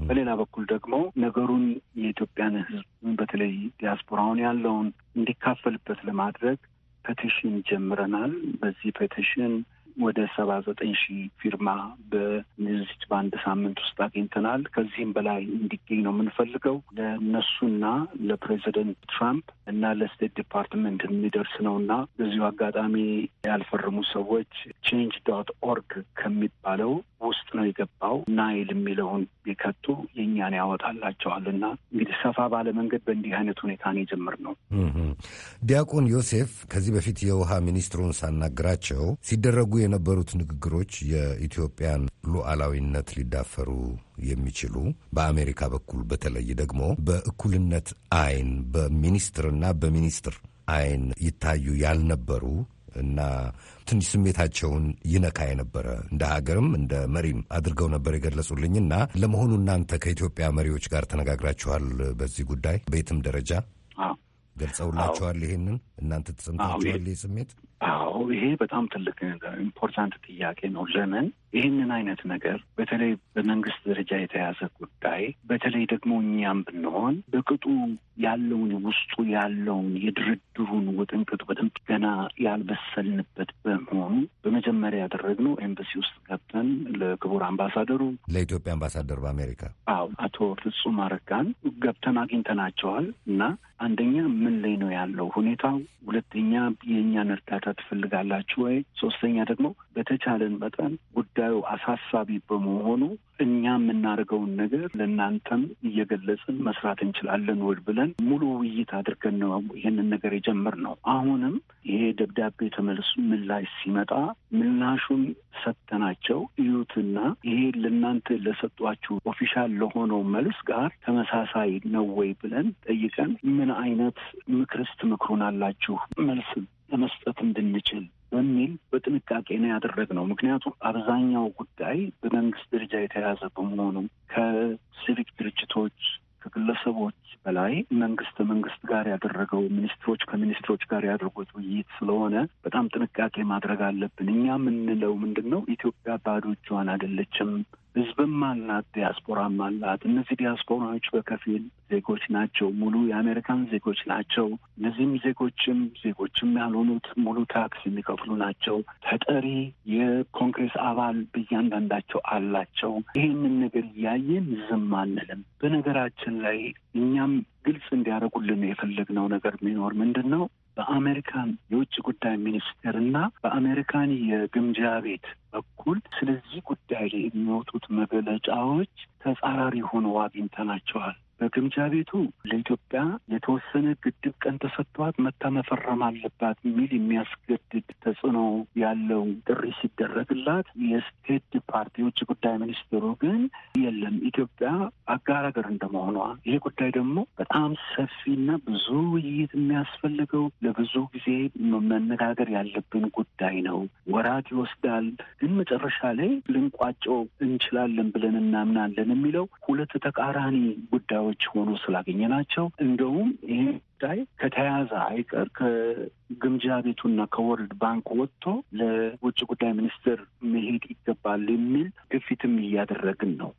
በሌላ በኩል ደግሞ ነገሩን የኢትዮጵያን ሕዝብ በተለይ ዲያስፖራውን ያለውን እንዲካፈልበት ለማድረግ ፔቲሽን ጀምረናል። በዚህ ፔቲሽን ወደ ሰባ ዘጠኝ ሺህ ፊርማ በዚህ በአንድ ሳምንት ውስጥ አግኝተናል። ከዚህም በላይ እንዲገኝ ነው የምንፈልገው። ለእነሱና ለፕሬዚደንት ትራምፕ እና ለስቴት ዲፓርትመንት የሚደርስ ነው እና በዚሁ አጋጣሚ ያልፈረሙ ሰዎች ቼንጅ ዶት ኦርግ ከሚባለው ውስጥ ነው የገባው። ናይል የሚለውን ቢከቱ የእኛን ያወጣላቸዋል እና እንግዲህ ሰፋ ባለ መንገድ በእንዲህ አይነት ሁኔታ ነው የጀመርነው። ዲያቆን ዮሴፍ ከዚህ በፊት የውሃ ሚኒስትሩን ሳናግራቸው ሲደረጉ የነበሩት ንግግሮች የኢትዮጵያን ሉዓላዊነት ሊዳፈሩ የሚችሉ በአሜሪካ በኩል በተለይ ደግሞ በእኩልነት አይን በሚኒስትርና በሚኒስትር አይን ይታዩ ያልነበሩ እና ትንሽ ስሜታቸውን ይነካ የነበረ እንደ ሀገርም እንደ መሪም አድርገው ነበር እና ለመሆኑ እናንተ ከኢትዮጵያ መሪዎች ጋር ተነጋግራችኋል? በዚህ ጉዳይ በየትም ደረጃ ገልጸውላችኋል? ይሄንን እናንተ ተሰምታችኋል? ይህ ስሜት አዎ ይሄ በጣም ትልቅ ኢምፖርታንት ጥያቄ ነው። ለምን ይህንን አይነት ነገር በተለይ በመንግስት ደረጃ የተያዘ ጉዳይ በተለይ ደግሞ እኛም ብንሆን በቅጡ ያለውን ውስጡ ያለውን የድርድሩን ውጥንቅጥ በደንብ ገና ያልበሰልንበት በመሆኑ በመጀመሪያ ያደረግነው ኤምባሲ ውስጥ ገብተን ለክቡር አምባሳደሩ ለኢትዮጵያ አምባሳደር በአሜሪካ አዎ፣ አቶ ፍጹም አረጋን ገብተን አግኝተናቸዋል እና አንደኛ ምን ላይ ነው ያለው ሁኔታው፣ ሁለተኛ የእኛን እርዳታ ትፈልጋላችሁ ወይ፣ ሶስተኛ ደግሞ በተቻለን መጠን ጉዳ ጉዳዩ አሳሳቢ በመሆኑ እኛ የምናደርገውን ነገር ለእናንተም እየገለጽን መስራት እንችላለን ወይ ብለን ሙሉ ውይይት አድርገን ነው ይህንን ነገር የጀመርነው። አሁንም ይሄ ደብዳቤ ተመልሶ ምላሽ ሲመጣ ምላሹን ሰጥተናቸው እዩትና ይሄ ለእናንተ ለሰጧችሁ ኦፊሻል ለሆነው መልስ ጋር ተመሳሳይ ነው ወይ ብለን ጠይቀን ምን አይነት ምክርስ አላችሁ መልስ ለመስጠት እንድንችል በሚል በጥንቃቄ ነው ያደረግነው። ምክንያቱም አብዛኛው ጉዳይ በመንግስት ደረጃ የተያዘ በመሆኑ ከሲቪክ ድርጅቶች ከግለሰቦች በላይ መንግስት መንግስት ጋር ያደረገው ሚኒስትሮች ከሚኒስትሮች ጋር ያደርጉት ውይይት ስለሆነ በጣም ጥንቃቄ ማድረግ አለብን። እኛ የምንለው ምንድን ነው? ኢትዮጵያ ባዶ እጇን አይደለችም። ህዝብም አላት፣ ዲያስፖራም አላት። እነዚህ ዲያስፖራዎች በከፊል ዜጎች ናቸው፣ ሙሉ የአሜሪካን ዜጎች ናቸው። እነዚህም ዜጎችም ዜጎችም ያልሆኑት ሙሉ ታክስ የሚከፍሉ ናቸው። ተጠሪ የኮንግሬስ አባል በእያንዳንዳቸው አላቸው። ይህንን ነገር እያየን ዝም አንልም። በነገራችን ላይ እኛም ግልጽ እንዲያደርጉልን የፈለግነው ነገር ቢኖር ምንድን ነው በአሜሪካን የውጭ ጉዳይ ሚኒስቴር እና በአሜሪካን የግምጃ ቤት በኩል ስለዚህ ጉዳይ የሚወጡት መግለጫዎች ተጻራሪ ሆነው አግኝተናቸዋል። በግምጃ ቤቱ ለኢትዮጵያ የተወሰነ ግድብ ቀን ተሰጥቷት መታ መፈረም አለባት የሚል የሚያስገድድ ተጽዕኖ ያለው ጥሪ ሲደረግላት የስቴት ዲፓርት የውጭ ጉዳይ ሚኒስትሩ ግን የለም ኢትዮጵያ አጋር ሀገር እንደመሆኗ ይሄ ጉዳይ ደግሞ በጣም ሰፊና ብዙ ውይይት የሚያስፈልገው ለብዙ ጊዜ መነጋገር ያለብን ጉዳይ ነው። ወራት ይወስዳል፣ ግን መጨረሻ ላይ ልንቋጮ እንችላለን ብለን እናምናለን የሚለው ሁለት ተቃራኒ ጉዳዮች ባለሙያዎች ሆኖ ስላገኘ ናቸው እንደውም ይህ ጉዳይ ከተያዘ አይቀር ከግምጃ ቤቱና ከወርልድ ባንክ ወጥቶ ለውጭ ጉዳይ ሚኒስትር መሄድ ይገባል የሚል ግፊትም እያደረግን ነው።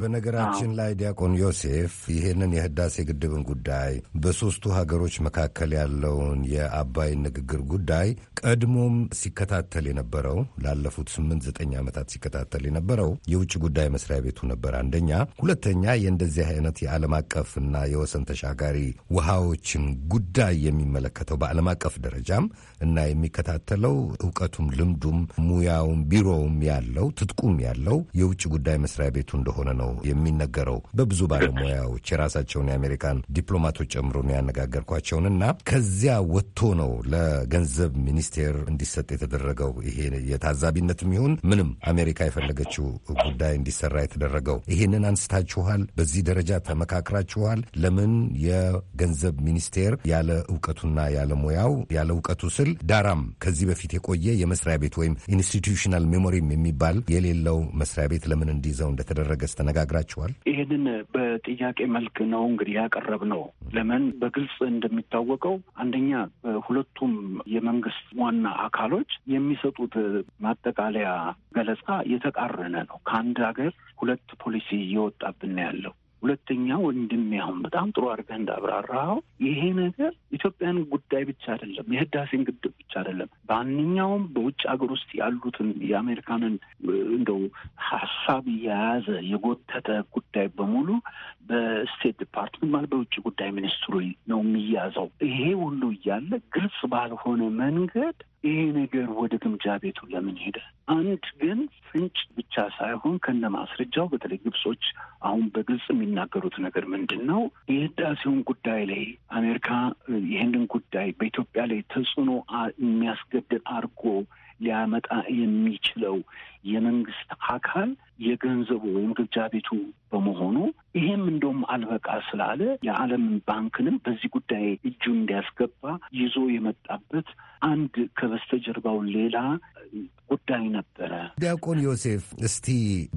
በነገራችን ላይ ዲያቆን ዮሴፍ ይሄንን የህዳሴ ግድብን ጉዳይ በሦስቱ ሀገሮች መካከል ያለውን የአባይ ንግግር ጉዳይ ቀድሞም ሲከታተል የነበረው ላለፉት ስምንት ዘጠኝ ዓመታት ሲከታተል የነበረው የውጭ ጉዳይ መስሪያ ቤቱ ነበር። አንደኛ፣ ሁለተኛ የእንደዚህ አይነት የዓለም አቀፍና የወሰን ተሻጋሪ ውሃዎችን ጉዳይ የሚመለከተው በዓለም አቀፍ ደረጃም እና የሚከታተለው እውቀቱም፣ ልምዱም፣ ሙያውም፣ ቢሮውም ያለው ትጥቁም ያለው የውጭ ጉዳይ መስሪያ ቤቱ እንደሆነ ነው የሚነገረው በብዙ ባለሙያዎች የራሳቸውን የአሜሪካን ዲፕሎማቶች ጨምሮ ነው እና ከዚያ ወጥቶ ነው ለገንዘብ ሚኒስቴር እንዲሰጥ የተደረገው ይሄ የታዛቢነትም ይሁን ምንም አሜሪካ የፈለገችው ጉዳይ እንዲሰራ የተደረገው ይሄንን አንስታችኋል። በዚህ ደረጃ ተመካክራችኋል። ለምን ገንዘብ ሚኒስቴር ያለ እውቀቱና ያለ ሙያው ያለ እውቀቱ ስል ዳራም ከዚህ በፊት የቆየ የመስሪያ ቤት ወይም ኢንስቲትዩሽናል ሜሞሪም የሚባል የሌለው መስሪያ ቤት ለምን እንዲይዘው እንደተደረገስ ተነጋግራችኋል? ይህንን በጥያቄ መልክ ነው እንግዲህ ያቀረብ ነው። ለምን በግልጽ እንደሚታወቀው አንደኛ ሁለቱም የመንግስት ዋና አካሎች የሚሰጡት ማጠቃለያ ገለጻ የተቃረነ ነው። ከአንድ ሀገር ሁለት ፖሊሲ እየወጣብን ያለው ሁለተኛ ወንድሜ አሁን በጣም ጥሩ አድርገህ እንዳብራራኸው ይሄ ነገር ኢትዮጵያን ጉዳይ ብቻ አይደለም፣ የህዳሴን ግድብ ብቻ አይደለም። በማንኛውም በውጭ ሀገር ውስጥ ያሉትን የአሜሪካንን እንደው ሀሳብ የያዘ የጎተተ ጉዳይ በሙሉ በስቴት ዲፓርትመንት ማለት በውጭ ጉዳይ ሚኒስትሩ ነው የሚያዘው። ይሄ ሁሉ እያለ ግልጽ ባልሆነ መንገድ ይሄ ነገር ወደ ግምጃ ቤቱ ለምን ሄደ? አንድ ግን ፍንጭ ብቻ ሳይሆን ከነ ማስረጃው በተለይ ግብጾች አሁን በግልጽ የሚናገሩት ነገር ምንድን ነው? የህዳሴውን ጉዳይ ላይ አሜሪካ ይህንን ጉዳይ በኢትዮጵያ ላይ ተጽዕኖ የሚያስገድድ አድርጎ ሊያመጣ የሚችለው የመንግስት አካል የገንዘቡ ወይም ግብጃ ቤቱ በመሆኑ ይሄም እንደውም አልበቃ ስላለ የዓለም ባንክንም በዚህ ጉዳይ እጁ እንዲያስገባ ይዞ የመጣበት አንድ ከበስተጀርባው ሌላ ጉዳይ ነበረ። ዲያቆን ዮሴፍ፣ እስቲ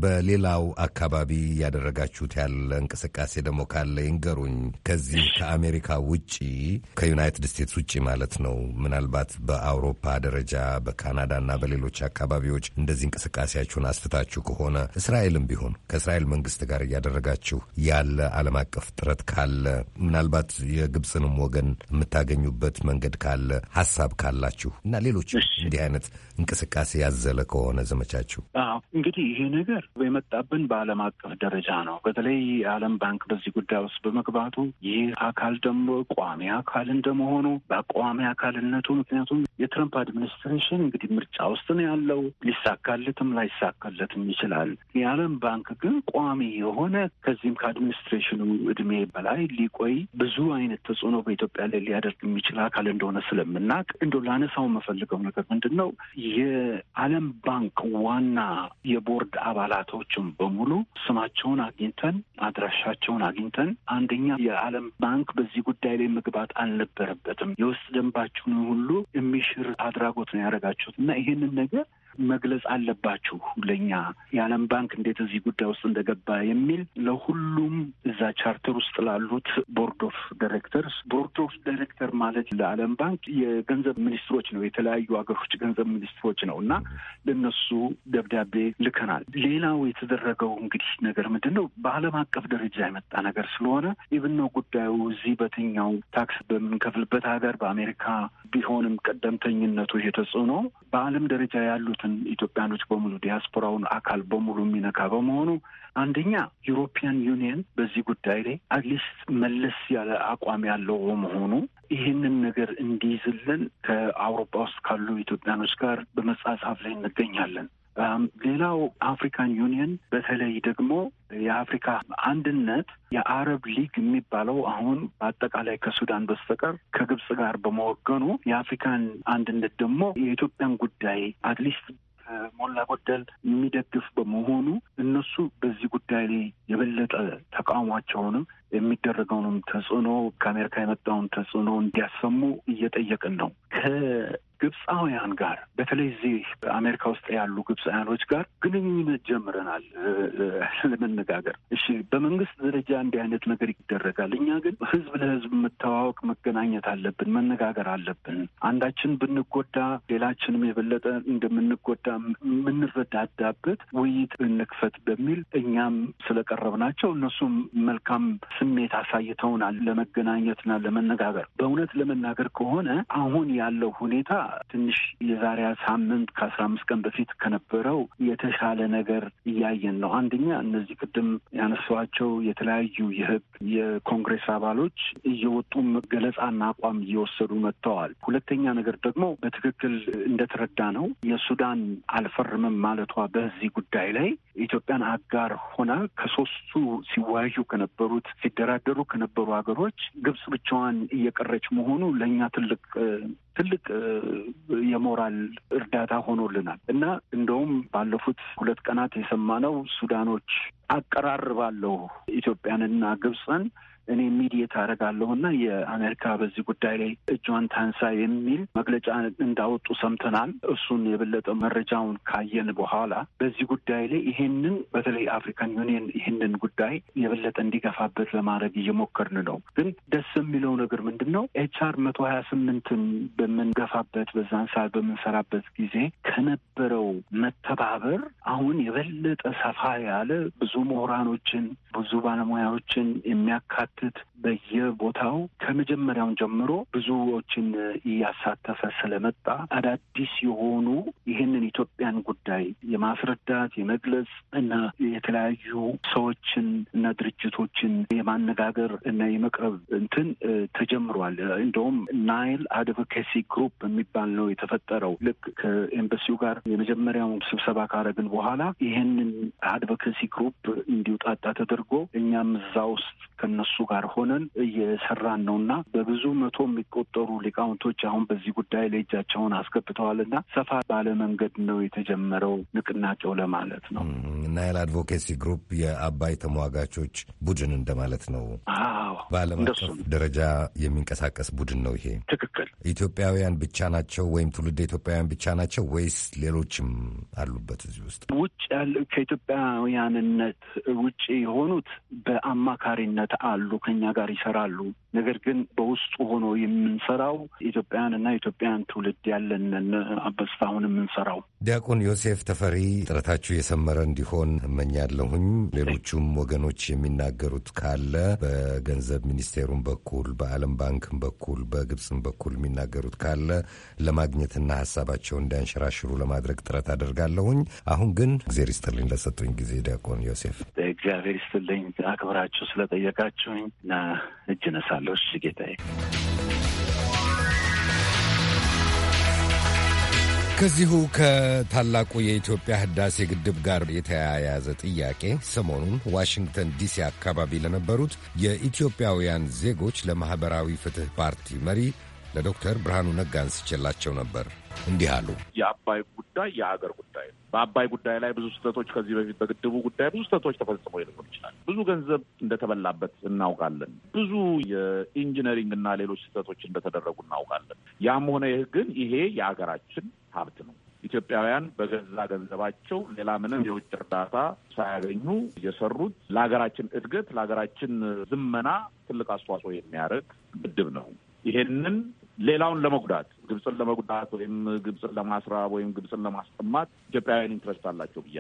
በሌላው አካባቢ ያደረጋችሁት ያለ እንቅስቃሴ ደግሞ ካለ ይንገሩኝ። ከዚህ ከአሜሪካ ውጭ ከዩናይትድ ስቴትስ ውጭ ማለት ነው። ምናልባት በአውሮፓ ደረጃ በካናዳ እና በሌሎች አካባቢዎች እንደዚህ እንቅስቃሴ እንቅስቃሴያችሁን አስፍታችሁ ከሆነ እስራኤልም ቢሆን ከእስራኤል መንግስት ጋር እያደረጋችሁ ያለ ዓለም አቀፍ ጥረት ካለ ምናልባት የግብፅንም ወገን የምታገኙበት መንገድ ካለ ሀሳብ ካላችሁ እና ሌሎች እንዲህ አይነት እንቅስቃሴ ያዘለ ከሆነ ዘመቻችሁ እንግዲህ ይሄ ነገር የመጣብን በዓለም አቀፍ ደረጃ ነው። በተለይ የዓለም ባንክ በዚህ ጉዳይ ውስጥ በመግባቱ ይህ አካል ደግሞ ቋሚ አካል እንደመሆኑ በቋሚ አካልነቱ ምክንያቱም የትረምፕ አድሚኒስትሬሽን እንግዲህ ምርጫ ውስጥ ነው ያለው ሊሳካለት ምናልባትም ላይሳካለትም ይችላል። የዓለም ባንክ ግን ቋሚ የሆነ ከዚህም ከአድሚኒስትሬሽኑ እድሜ በላይ ሊቆይ ብዙ አይነት ተጽዕኖ በኢትዮጵያ ላይ ሊያደርግ የሚችል አካል እንደሆነ ስለምናቅ እንደ ላነሳው የምፈልገው ነገር ምንድን ነው የዓለም ባንክ ዋና የቦርድ አባላቶችም በሙሉ ስማቸውን አግኝተን አድራሻቸውን አግኝተን አንደኛ የዓለም ባንክ በዚህ ጉዳይ ላይ መግባት አልነበረበትም። የውስጥ ደንባችሁን ሁሉ የሚሽር አድራጎት ነው ያደረጋችሁት እና ይሄንን ነገር መግለጽ አለባችሁ ለእኛ የዓለም ባንክ እንዴት እዚህ ጉዳይ ውስጥ እንደገባ የሚል ለሁሉም እዛ ቻርተር ውስጥ ላሉት ቦርድ ኦፍ ዳይሬክተርስ ቦርድ ኦፍ ዳይሬክተር ማለት ለዓለም ባንክ የገንዘብ ሚኒስትሮች ነው፣ የተለያዩ ሀገሮች ገንዘብ ሚኒስትሮች ነው እና ለእነሱ ደብዳቤ ልከናል። ሌላው የተደረገው እንግዲህ ነገር ምንድን ነው በዓለም አቀፍ ደረጃ የመጣ ነገር ስለሆነ ኢብን ነው ጉዳዩ እዚህ በትኛው ታክስ በምንከፍልበት ሀገር በአሜሪካ ቢሆንም ቀደምተኝነቱ የተጽዕኖ በዓለም ደረጃ ያሉት ያሉትን ኢትዮጵያኖች በሙሉ ዲያስፖራውን አካል በሙሉ የሚነካ በመሆኑ አንደኛ ዩሮፒያን ዩኒየን በዚህ ጉዳይ ላይ አትሊስት መለስ ያለ አቋም ያለው በመሆኑ ይህንን ነገር እንዲይዝልን ከአውሮፓ ውስጥ ካሉ ኢትዮጵያኖች ጋር በመጻጻፍ ላይ እንገኛለን። ሌላው አፍሪካን ዩኒየን በተለይ ደግሞ የአፍሪካ አንድነት የአረብ ሊግ የሚባለው አሁን በአጠቃላይ ከሱዳን በስተቀር ከግብጽ ጋር በመወገኑ የአፍሪካን አንድነት ደግሞ የኢትዮጵያን ጉዳይ አትሊስት ሞላ ጎደል የሚደግፍ በመሆኑ እነሱ በዚህ ጉዳይ ላይ የበለጠ ተቃውሟቸውንም የሚደረገውንም ተጽዕኖ ከአሜሪካ የመጣውን ተጽዕኖ እንዲያሰሙ እየጠየቅን ነው። ግብፃውያን ጋር በተለይ እዚህ አሜሪካ ውስጥ ያሉ ግብፃውያኖች ጋር ግንኙነት ጀምረናል ለመነጋገር። እሺ፣ በመንግስት ደረጃ እንዲህ አይነት ነገር ይደረጋል። እኛ ግን ህዝብ ለህዝብ መተዋወቅ፣ መገናኘት አለብን፣ መነጋገር አለብን። አንዳችን ብንጎዳ ሌላችንም የበለጠ እንደምንጎዳ የምንረዳዳበት ውይይት እንክፈት በሚል እኛም ስለቀረብናቸው እነሱም መልካም ስሜት አሳይተውናል። ለመገናኘትና ለመነጋገር በእውነት ለመናገር ከሆነ አሁን ያለው ሁኔታ ትንሽ የዛሬ ሳምንት ከአስራ አምስት ቀን በፊት ከነበረው የተሻለ ነገር እያየን ነው። አንደኛ እነዚህ ቅድም ያነሷቸው የተለያዩ የህግ የኮንግሬስ አባሎች እየወጡም ገለጻና አቋም እየወሰዱ መጥተዋል። ሁለተኛ ነገር ደግሞ በትክክል እንደተረዳ ነው የሱዳን አልፈርምም ማለቷ በዚህ ጉዳይ ላይ ኢትዮጵያን አጋር ሆና ከሶስቱ ሲወያዩ ከነበሩት ሲደራደሩ ከነበሩ ሀገሮች ግብጽ ብቻዋን እየቀረች መሆኑ ለእኛ ትልቅ ትልቅ የሞራል እርዳታ ሆኖልናል እና እንደውም ባለፉት ሁለት ቀናት የሰማነው ሱዳኖች አቀራርባለሁ ኢትዮጵያንና ግብፅን እኔ ሚዲየት አደርጋለሁ እና የአሜሪካ በዚህ ጉዳይ ላይ እጇን ታንሳ የሚል መግለጫ እንዳወጡ ሰምተናል። እሱን የበለጠ መረጃውን ካየን በኋላ በዚህ ጉዳይ ላይ ይሄንን በተለይ አፍሪካን ዩኒየን ይሄንን ጉዳይ የበለጠ እንዲገፋበት ለማድረግ እየሞከርን ነው። ግን ደስ የሚለው ነገር ምንድን ነው ኤች አር መቶ ሀያ ስምንትን በምንገፋበት በዛን ሰዓት በምንሰራበት ጊዜ ከነበረው መተባበር አሁን የበለጠ ሰፋ ያለ ብዙ ምሁራኖችን ብዙ ባለሙያዎችን የሚያካ የሚያካትት በየቦታው ከመጀመሪያውን ጀምሮ ብዙዎችን እያሳተፈ ስለመጣ አዳዲስ የሆኑ ይህንን ኢትዮጵያን ጉዳይ የማስረዳት የመግለጽ እና የተለያዩ ሰዎችን እና ድርጅቶችን የማነጋገር እና የመቅረብ እንትን ተጀምሯል። እንደውም ናይል አድቮኬሲ ግሩፕ የሚባል ነው የተፈጠረው። ልክ ከኤምባሲው ጋር የመጀመሪያውን ስብሰባ ካረግን በኋላ ይህንን አድቮኬሲ ግሩፕ እንዲውጣጣ ተደርጎ እኛም እዛ ውስጥ ከነሱ ጋር ሆነን እየሰራን ነው እና በብዙ መቶ የሚቆጠሩ ሊቃውንቶች አሁን በዚህ ጉዳይ ላይ እጃቸውን አስገብተዋል እና ሰፋ ባለ መንገድ ነው የተጀመረው ንቅናቄው ለማለት ነው። ናይል አድቮኬሲ ግሩፕ የአባይ ተሟጋቾች ቡድን እንደማለት ነው። በዓለም አቀፍ ደረጃ የሚንቀሳቀስ ቡድን ነው ይሄ። ትክክል። ኢትዮጵያውያን ብቻ ናቸው ወይም ትውልድ ኢትዮጵያውያን ብቻ ናቸው ወይስ ሌሎችም አሉበት እዚህ ውስጥ? ውጭ ያለ ከኢትዮጵያውያንነት ውጭ የሆኑት በአማካሪነት አሉ ይሰራሉ፣ ከኛ ጋር ይሰራሉ። ነገር ግን በውስጡ ሆኖ የምንሰራው ኢትዮጵያን እና ኢትዮጵያን ትውልድ ያለንን አበስታሁን የምንሰራው ዲያቆን ዮሴፍ ተፈሪ ጥረታችሁ የሰመረ እንዲሆን እመኛለሁኝ። ሌሎቹም ወገኖች የሚናገሩት ካለ በገንዘብ ሚኒስቴሩም በኩል በዓለም ባንክም በኩል በግብፅም በኩል የሚናገሩት ካለ ለማግኘትና ሀሳባቸው እንዲያንሸራሽሩ ለማድረግ ጥረት አደርጋለሁኝ። አሁን ግን እግዜር ይስጥልኝ ለሰጡኝ ጊዜ ዲያቆን ዮሴፍ እግዚአብሔር ይስጥልኝ አክብራችሁ ስለጠየቃችሁ ነኝ እና እጅ ነሳለሁ። እሺ ጌታዬ። ከዚሁ ከታላቁ የኢትዮጵያ ህዳሴ ግድብ ጋር የተያያዘ ጥያቄ ሰሞኑን ዋሽንግተን ዲሲ አካባቢ ለነበሩት የኢትዮጵያውያን ዜጎች ለማኅበራዊ ፍትሕ ፓርቲ መሪ ለዶክተር ብርሃኑ ነጋ አንስቼላቸው ነበር። እንዲህ አሉ። የአባይ ጉዳይ የሀገር ጉዳይ ነው። በአባይ ጉዳይ ላይ ብዙ ስህተቶች ከዚህ በፊት በግድቡ ጉዳይ ብዙ ስህተቶች ተፈጽሞ ሊሆን ይችላል። ብዙ ገንዘብ እንደተበላበት እናውቃለን። ብዙ የኢንጂነሪንግ እና ሌሎች ስህተቶች እንደተደረጉ እናውቃለን። ያም ሆነ ይህ ግን ይሄ የሀገራችን ሀብት ነው። ኢትዮጵያውያን በገዛ ገንዘባቸው ሌላ ምንም የውጭ እርዳታ ሳያገኙ የሰሩት ለሀገራችን እድገት፣ ለሀገራችን ዝመና ትልቅ አስተዋጽኦ የሚያደርግ ግድብ ነው። ይሄንን ሌላውን ለመጉዳት ግብፅን ለመጉዳት ወይም ግብፅን ለማስራብ ወይም ግብፅን ለማስጠማት ኢትዮጵያውያን ኢንትረስት አላቸው ብዬ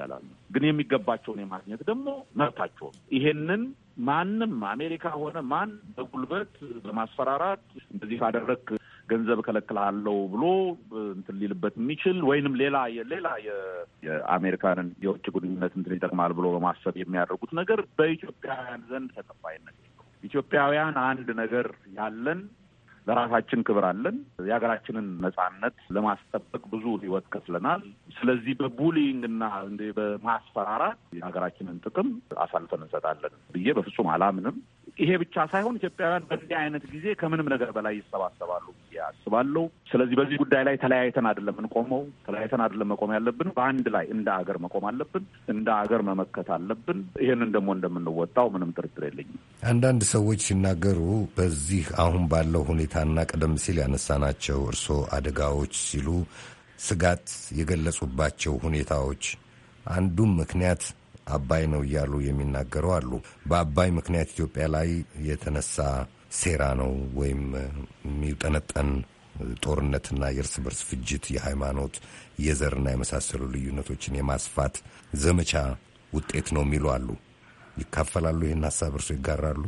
ግን የሚገባቸውን የማግኘት ደግሞ መብታቸውን ይሄንን ማንም አሜሪካ ሆነ ማን በጉልበት በማስፈራራት እንደዚህ ካደረግ ገንዘብ እከለክልሃለሁ ብሎ እንትን ሊልበት የሚችል ወይንም ሌላ ሌላ የአሜሪካንን የውጭ ግንኙነት እንትን ይጠቅማል ብሎ በማሰብ የሚያደርጉት ነገር በኢትዮጵያውያን ዘንድ ተቀባይነት ኢትዮጵያውያን አንድ ነገር ያለን ለራሳችን ክብር አለን። የሀገራችንን ነጻነት ለማስጠበቅ ብዙ ህይወት ከፍለናል። ስለዚህ በቡሊንግ እና በማስፈራራት የሀገራችንን ጥቅም አሳልፈን እንሰጣለን ብዬ በፍጹም አላምንም። ይሄ ብቻ ሳይሆን ኢትዮጵያውያን በዚህ አይነት ጊዜ ከምንም ነገር በላይ ይሰባሰባሉ ብዬ አስባለሁ። ስለዚህ በዚህ ጉዳይ ላይ ተለያይተን አይደለም እንቆመው፣ ተለያይተን አይደለም መቆም ያለብን፣ በአንድ ላይ እንደ ሀገር መቆም አለብን፣ እንደ ሀገር መመከት አለብን። ይህንን ደግሞ እንደምንወጣው ምንም ጥርጥር የለኝም። አንዳንድ ሰዎች ሲናገሩ በዚህ አሁን ባለው ሁኔታ ሁኔታና ቀደም ሲል ያነሳናቸው እርስዎ አደጋዎች ሲሉ ስጋት የገለጹባቸው ሁኔታዎች አንዱም ምክንያት አባይ ነው እያሉ የሚናገሩ አሉ። በአባይ ምክንያት ኢትዮጵያ ላይ የተነሳ ሴራ ነው ወይም የሚጠነጠን ጦርነትና የእርስ በርስ ፍጅት፣ የሃይማኖት የዘርና የመሳሰሉ ልዩነቶችን የማስፋት ዘመቻ ውጤት ነው የሚሉ አሉ። ይካፈላሉ? ይህን ሀሳብ እርስዎ ይጋራሉ?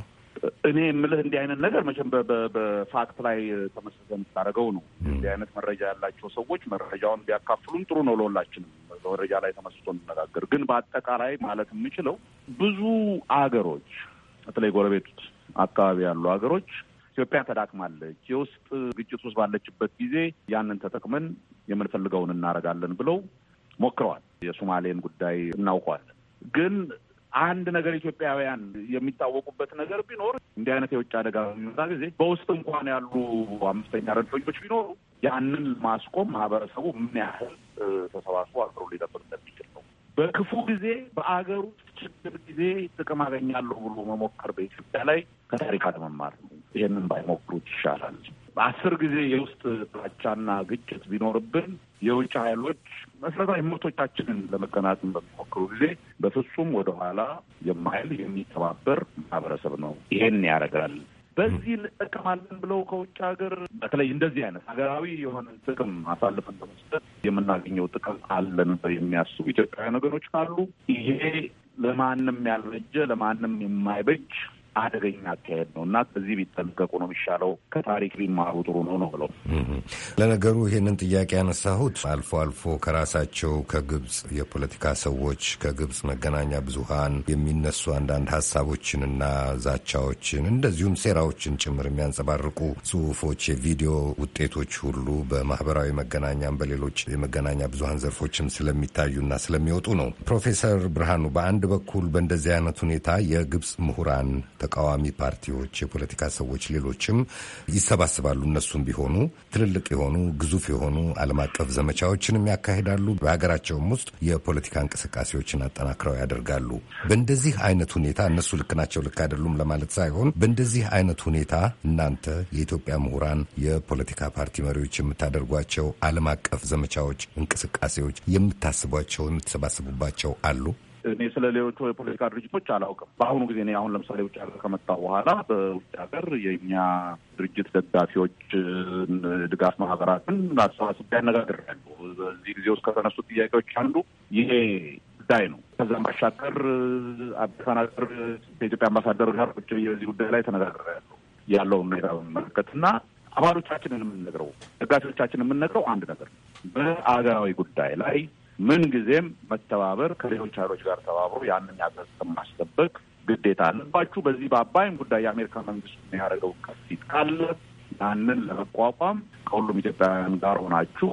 እኔ የምልህ እንዲህ አይነት ነገር መቼም በፋክት ላይ ተመስርተህ የምታደርገው ነው። እንዲህ አይነት መረጃ ያላቸው ሰዎች መረጃውን ቢያካፍሉን ጥሩ ነው። ለሁላችንም በመረጃ ላይ ተመስርቶ እንነጋገር። ግን በአጠቃላይ ማለት የምችለው ብዙ አገሮች በተለይ ጎረቤት አካባቢ ያሉ ሀገሮች ኢትዮጵያ ተዳክማለች፣ የውስጥ ግጭት ውስጥ ባለችበት ጊዜ ያንን ተጠቅመን የምንፈልገውን እናደርጋለን ብለው ሞክረዋል። የሶማሌን ጉዳይ እናውቀዋለን። ግን አንድ ነገር ኢትዮጵያውያን የሚታወቁበት ነገር ቢኖር እንዲህ አይነት የውጭ አደጋ በሚመጣ ጊዜ በውስጥ እንኳን ያሉ አምስተኛ ረድፈኞች ቢኖሩ ያንን ማስቆም ማህበረሰቡ ምን ያህል ተሰባስቦ አገሩ ሊጠብቅ እንደሚችል ነው። በክፉ ጊዜ በአገር ውስጥ ችግር ጊዜ ጥቅም አገኛለሁ ብሎ መሞከር በኢትዮጵያ ላይ ከታሪክ አለመማር ነው። ይህንን ባይሞክሩት ይሻላል። በአስር ጊዜ የውስጥ ጥላቻና ግጭት ቢኖርብን የውጭ ኃይሎች መሰረታዊ መብቶቻችንን ለመቀናጠን በሚሞክሩ ጊዜ በፍጹም ወደኋላ የማይል የሚተባበር ማህበረሰብ ነው። ይሄን ያደርጋል። በዚህ እንጠቀማለን ብለው ከውጭ ሀገር በተለይ እንደዚህ አይነት ሀገራዊ የሆነ ጥቅም አሳልፈን በመስጠት የምናገኘው ጥቅም አለን የሚያስቡ ኢትዮጵያውያን ወገኖች ካሉ ይሄ ለማንም ያልበጀ ለማንም የማይበጅ አደገኛ አካሄድ ነው እና በዚህ ቢጠነቀቁ ነው የሚሻለው። ከታሪክ ቢማሩ ጥሩ ነው ነው ብለው ለነገሩ ይህንን ጥያቄ ያነሳሁት አልፎ አልፎ ከራሳቸው ከግብፅ የፖለቲካ ሰዎች ከግብፅ መገናኛ ብዙሃን የሚነሱ አንዳንድ ሀሳቦችንና ዛቻዎችን እንደዚሁም ሴራዎችን ጭምር የሚያንጸባርቁ ጽሁፎች፣ የቪዲዮ ውጤቶች ሁሉ በማህበራዊ መገናኛም በሌሎች የመገናኛ ብዙሀን ዘርፎችም ስለሚታዩና ስለሚወጡ ነው። ፕሮፌሰር ብርሃኑ በአንድ በኩል በእንደዚህ አይነት ሁኔታ የግብፅ ምሁራን ተቃዋሚ ፓርቲዎች፣ የፖለቲካ ሰዎች፣ ሌሎችም ይሰባስባሉ። እነሱም ቢሆኑ ትልልቅ የሆኑ ግዙፍ የሆኑ ዓለም አቀፍ ዘመቻዎችንም ያካሂዳሉ። በሀገራቸውም ውስጥ የፖለቲካ እንቅስቃሴዎችን አጠናክረው ያደርጋሉ። በእንደዚህ አይነት ሁኔታ እነሱ ልክ ናቸው ልክ አይደሉም ለማለት ሳይሆን በእንደዚህ አይነት ሁኔታ እናንተ የኢትዮጵያ ምሁራን፣ የፖለቲካ ፓርቲ መሪዎች የምታደርጓቸው ዓለም አቀፍ ዘመቻዎች፣ እንቅስቃሴዎች የምታስቧቸው የምትሰባስቡባቸው አሉ? እኔ ስለ ሌሎቹ የፖለቲካ ድርጅቶች አላውቅም። በአሁኑ ጊዜ እኔ አሁን ለምሳሌ ውጭ ሀገር ከመጣ በኋላ በውጭ ሀገር የእኛ ድርጅት ደጋፊዎች ድጋፍ ማህበራትን አሰባስቤ አነጋግሬያለሁ። በዚህ ጊዜ ውስጥ ከተነሱ ጥያቄዎች አንዱ ይሄ ጉዳይ ነው። ከዛም ባሻገር አበሳናገር ከኢትዮጵያ አምባሳደር ጋር ቁጭ ብዬ በዚህ ጉዳይ ላይ ተነጋግሬያለሁ። ያለውን ሁኔታ በመመለከት እና አባሎቻችንን የምንነግረው ደጋፊዎቻችን የምንነግረው አንድ ነገር ነው በአገራዊ ጉዳይ ላይ ምን ጊዜም መተባበር ከሌሎች ሀይሎች ጋር ተባብሮ ያንን ያገጽም ማስጠበቅ ግዴታ አለባችሁ። በዚህ በአባይም ጉዳይ የአሜሪካ መንግስት ያደረገው ከፊት ካለ ያንን ለመቋቋም ከሁሉም ኢትዮጵያውያን ጋር ሆናችሁ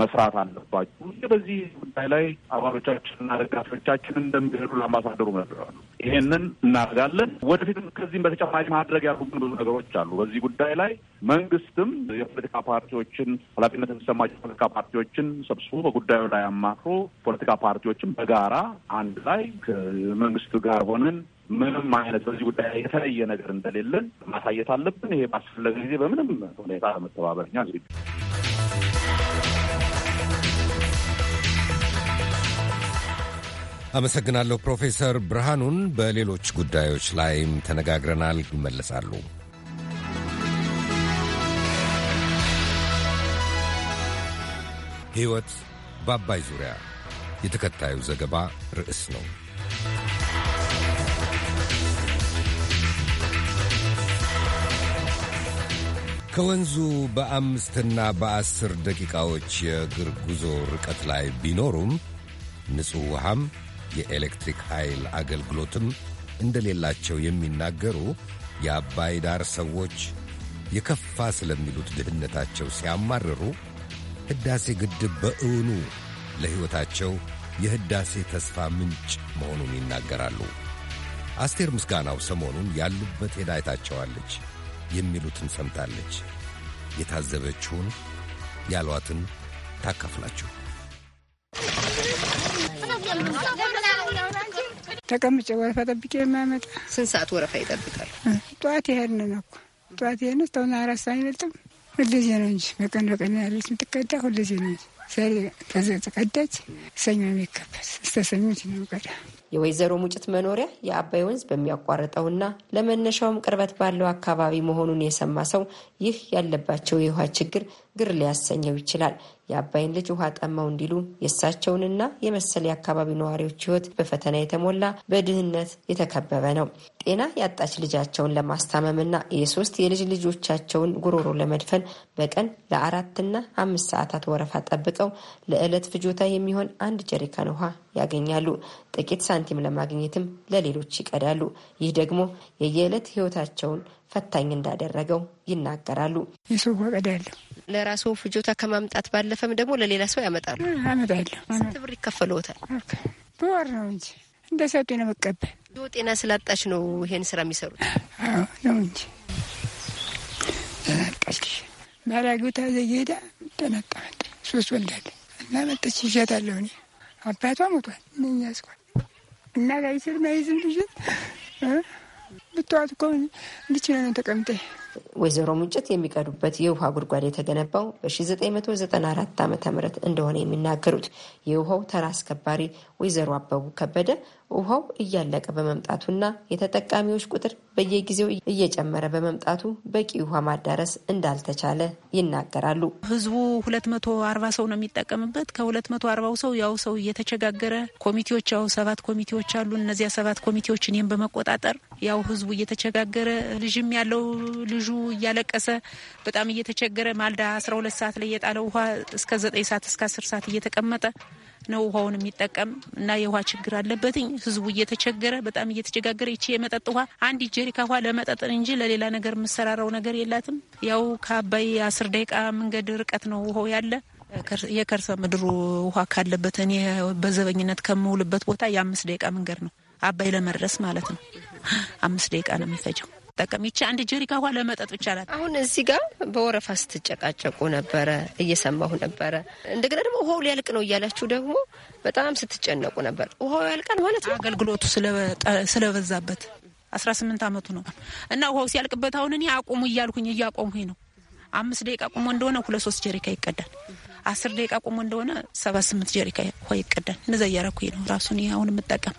መስራት አለባችሁ። ይህ በዚህ ጉዳይ ላይ አባሎቻችንና ደጋፊዎቻችን እንደሚሄዱ ለአምባሳደሩ መድረዋል። ይሄንን እናደርጋለን። ወደፊትም ከዚህም በተጨማሪ ማድረግ ያሉብን ብዙ ነገሮች አሉ። በዚህ ጉዳይ ላይ መንግስትም የፖለቲካ ፓርቲዎችን ኃላፊነት የሚሰማቸው የፖለቲካ ፓርቲዎችን ሰብስቦ በጉዳዩ ላይ አማክሮ ፖለቲካ ፓርቲዎችን በጋራ አንድ ላይ ከመንግስቱ ጋር ሆነን ምንም አይነት በዚህ ጉዳይ ላይ የተለየ ነገር እንደሌለን ማሳየት አለብን። ይሄ ባስፈለገ ጊዜ በምንም ሁኔታ ለመተባበር እኛ ዝግጁ አመሰግናለሁ ፕሮፌሰር ብርሃኑን። በሌሎች ጉዳዮች ላይም ተነጋግረናል፣ ይመለሳሉ። ሕይወት በአባይ ዙሪያ የተከታዩ ዘገባ ርዕስ ነው። ከወንዙ በአምስትና በአስር ደቂቃዎች የእግር ጉዞ ርቀት ላይ ቢኖሩም ንጹሕ ውሃም የኤሌክትሪክ ኃይል አገልግሎትም እንደሌላቸው የሚናገሩ የአባይ ዳር ሰዎች የከፋ ስለሚሉት ድህነታቸው ሲያማርሩ ሕዳሴ ግድብ በእውኑ ለሕይወታቸው የሕዳሴ ተስፋ ምንጭ መሆኑን ይናገራሉ። አስቴር ምስጋናው ሰሞኑን ያሉበት ሄዳ አይታቸዋለች የሚሉትን ሰምታለች። የታዘበችውን ያሏትን ታካፍላችሁ ተቀምጬ ወረፋ ጠብቄ የማመጣ ስንት ሰዓት ወረፋ ይጠብቃል? ጠዋት ይሄድን ነው ጠዋት ይሄድን እስካሁን አራት ሰዓት አይበልጥም። ሁልጊዜ ነው እንጂ በቀን በቀን ያለች የምትቀዳ ሁልጊዜ ነው እንጂ ሰሪ ተቀዳች። ሰኞ የሚከበት እስከ ሰኞ ነው ቀዳ የወይዘሮ ሙጭት መኖሪያ የአባይ ወንዝ በሚያቋርጠውና ለመነሻውም ቅርበት ባለው አካባቢ መሆኑን የሰማ ሰው ይህ ያለባቸው የውሃ ችግር ግር ሊያሰኘው ይችላል። የአባይን ልጅ ውሃ ጠማው እንዲሉ የእሳቸውንና የመሰለ የአካባቢ ነዋሪዎች ህይወት በፈተና የተሞላ በድህነት የተከበበ ነው። ጤና ያጣች ልጃቸውን ለማስታመምና የሶስት የልጅ ልጆቻቸውን ጉሮሮ ለመድፈን በቀን ለአራትና አምስት ሰዓታት ወረፋ ጠብቀው ለዕለት ፍጆታ የሚሆን አንድ ጀሪካን ውሃ ያገኛሉ። ጥቂት ሳንቲም ለማግኘትም ለሌሎች ይቀዳሉ። ይህ ደግሞ የየዕለት ህይወታቸውን ፈታኝ እንዳደረገው ይናገራሉ። ንሱ ለራስዎ ፍጆታ ከማምጣት ባለፈም ደግሞ ለሌላ ሰው ያመጣሉ? አመጣለሁ። ስንት ብር ይከፈለዎታል? በወር ነው እንጂ እንደ ሰጡ ነው መቀበል። ጤና ስላጣች ነው ይሄን ስራ የሚሰሩት? ነው እንጂ ተነጣች መራጊው ታዘየሄዳ ተነጣ ሶስት ወንዳለ እና መጠች ይሸታለሁ። እኔ አባቷ ሞቷል። እነኛ ስኳል እና ጋይስር ማይዝም ልጅት ብትዋት እኮ እንዲችለ ነው ተቀምጠ ወይዘሮ ሙጭት የሚቀዱበት የውሃ ጉድጓድ የተገነባው በ1994 ዓ ም እንደሆነ የሚናገሩት የውሃው ተራ አስከባሪ ወይዘሮ አበቡ ከበደ ውሃው እያለቀ በመምጣቱና የተጠቃሚዎች ቁጥር በየጊዜው እየጨመረ በመምጣቱ በቂ ውሃ ማዳረስ እንዳልተቻለ ይናገራሉ። ህዝቡ 240 ሰው ነው የሚጠቀምበት። ከ240 ሰው ያው ሰው እየተቸጋገረ ኮሚቴዎች ያው ሰባት ኮሚቴዎች አሉ። እነዚያ ሰባት ኮሚቴዎች እኔም በመቆጣጠር ያው ህዝቡ ህዝቡ እየተቸጋገረ ልጅም ያለው ልጁ እያለቀሰ በጣም እየተቸገረ ማልዳ አስራ ሁለት ሰዓት ላይ የጣለ ውሃ እስከ ዘጠኝ ሰዓት እስከ አስር ሰዓት እየተቀመጠ ነው ውሃውን የሚጠቀም እና የውሃ ችግር አለበትኝ። ህዝቡ እየተቸገረ በጣም እየተቸጋገረ ይቺ የመጠጥ ውሃ አንድ ጀሪካ ውሃ ለመጠጥን እንጂ ለሌላ ነገር የምሰራራው ነገር የላትም። ያው ከአባይ አስር ደቂቃ መንገድ ርቀት ነው ውሃው ያለ የከርሰ ምድሩ ውሃ ካለበት እኔ በዘበኝነት ከምውልበት ቦታ የአምስት ደቂቃ መንገድ ነው አባይ ለመድረስ ማለት ነው። አምስት ደቂቃ ነው የሚፈጀው። ጠቀም አንድ ጀሪካ ውሃ ለመጠጥ ብቻ ናት። አሁን እዚህ ጋር በወረፋ ስትጨቃጨቁ ነበረ እየሰማሁ ነበረ። እንደገና ደግሞ ውሃው ሊያልቅ ነው እያላችሁ ደግሞ በጣም ስትጨነቁ ነበር። ውሃው ያልቃል ማለት ነው አገልግሎቱ ስለበዛበት። አስራ ስምንት አመቱ ነው እና ውሃው ሲያልቅበት አሁን እኔ አቁሙ እያልኩኝ እያቆሙኝ ነው። አምስት ደቂቃ ቁሞ እንደሆነ ሁለት ሶስት ጀሪካ ይቀዳል። አስር ደቂቃ ቁሞ እንደሆነ ሰባት ስምንት ጀሪካ ይቀዳል። እንዘያረኩኝ ነው ራሱን አሁን የምጠቀም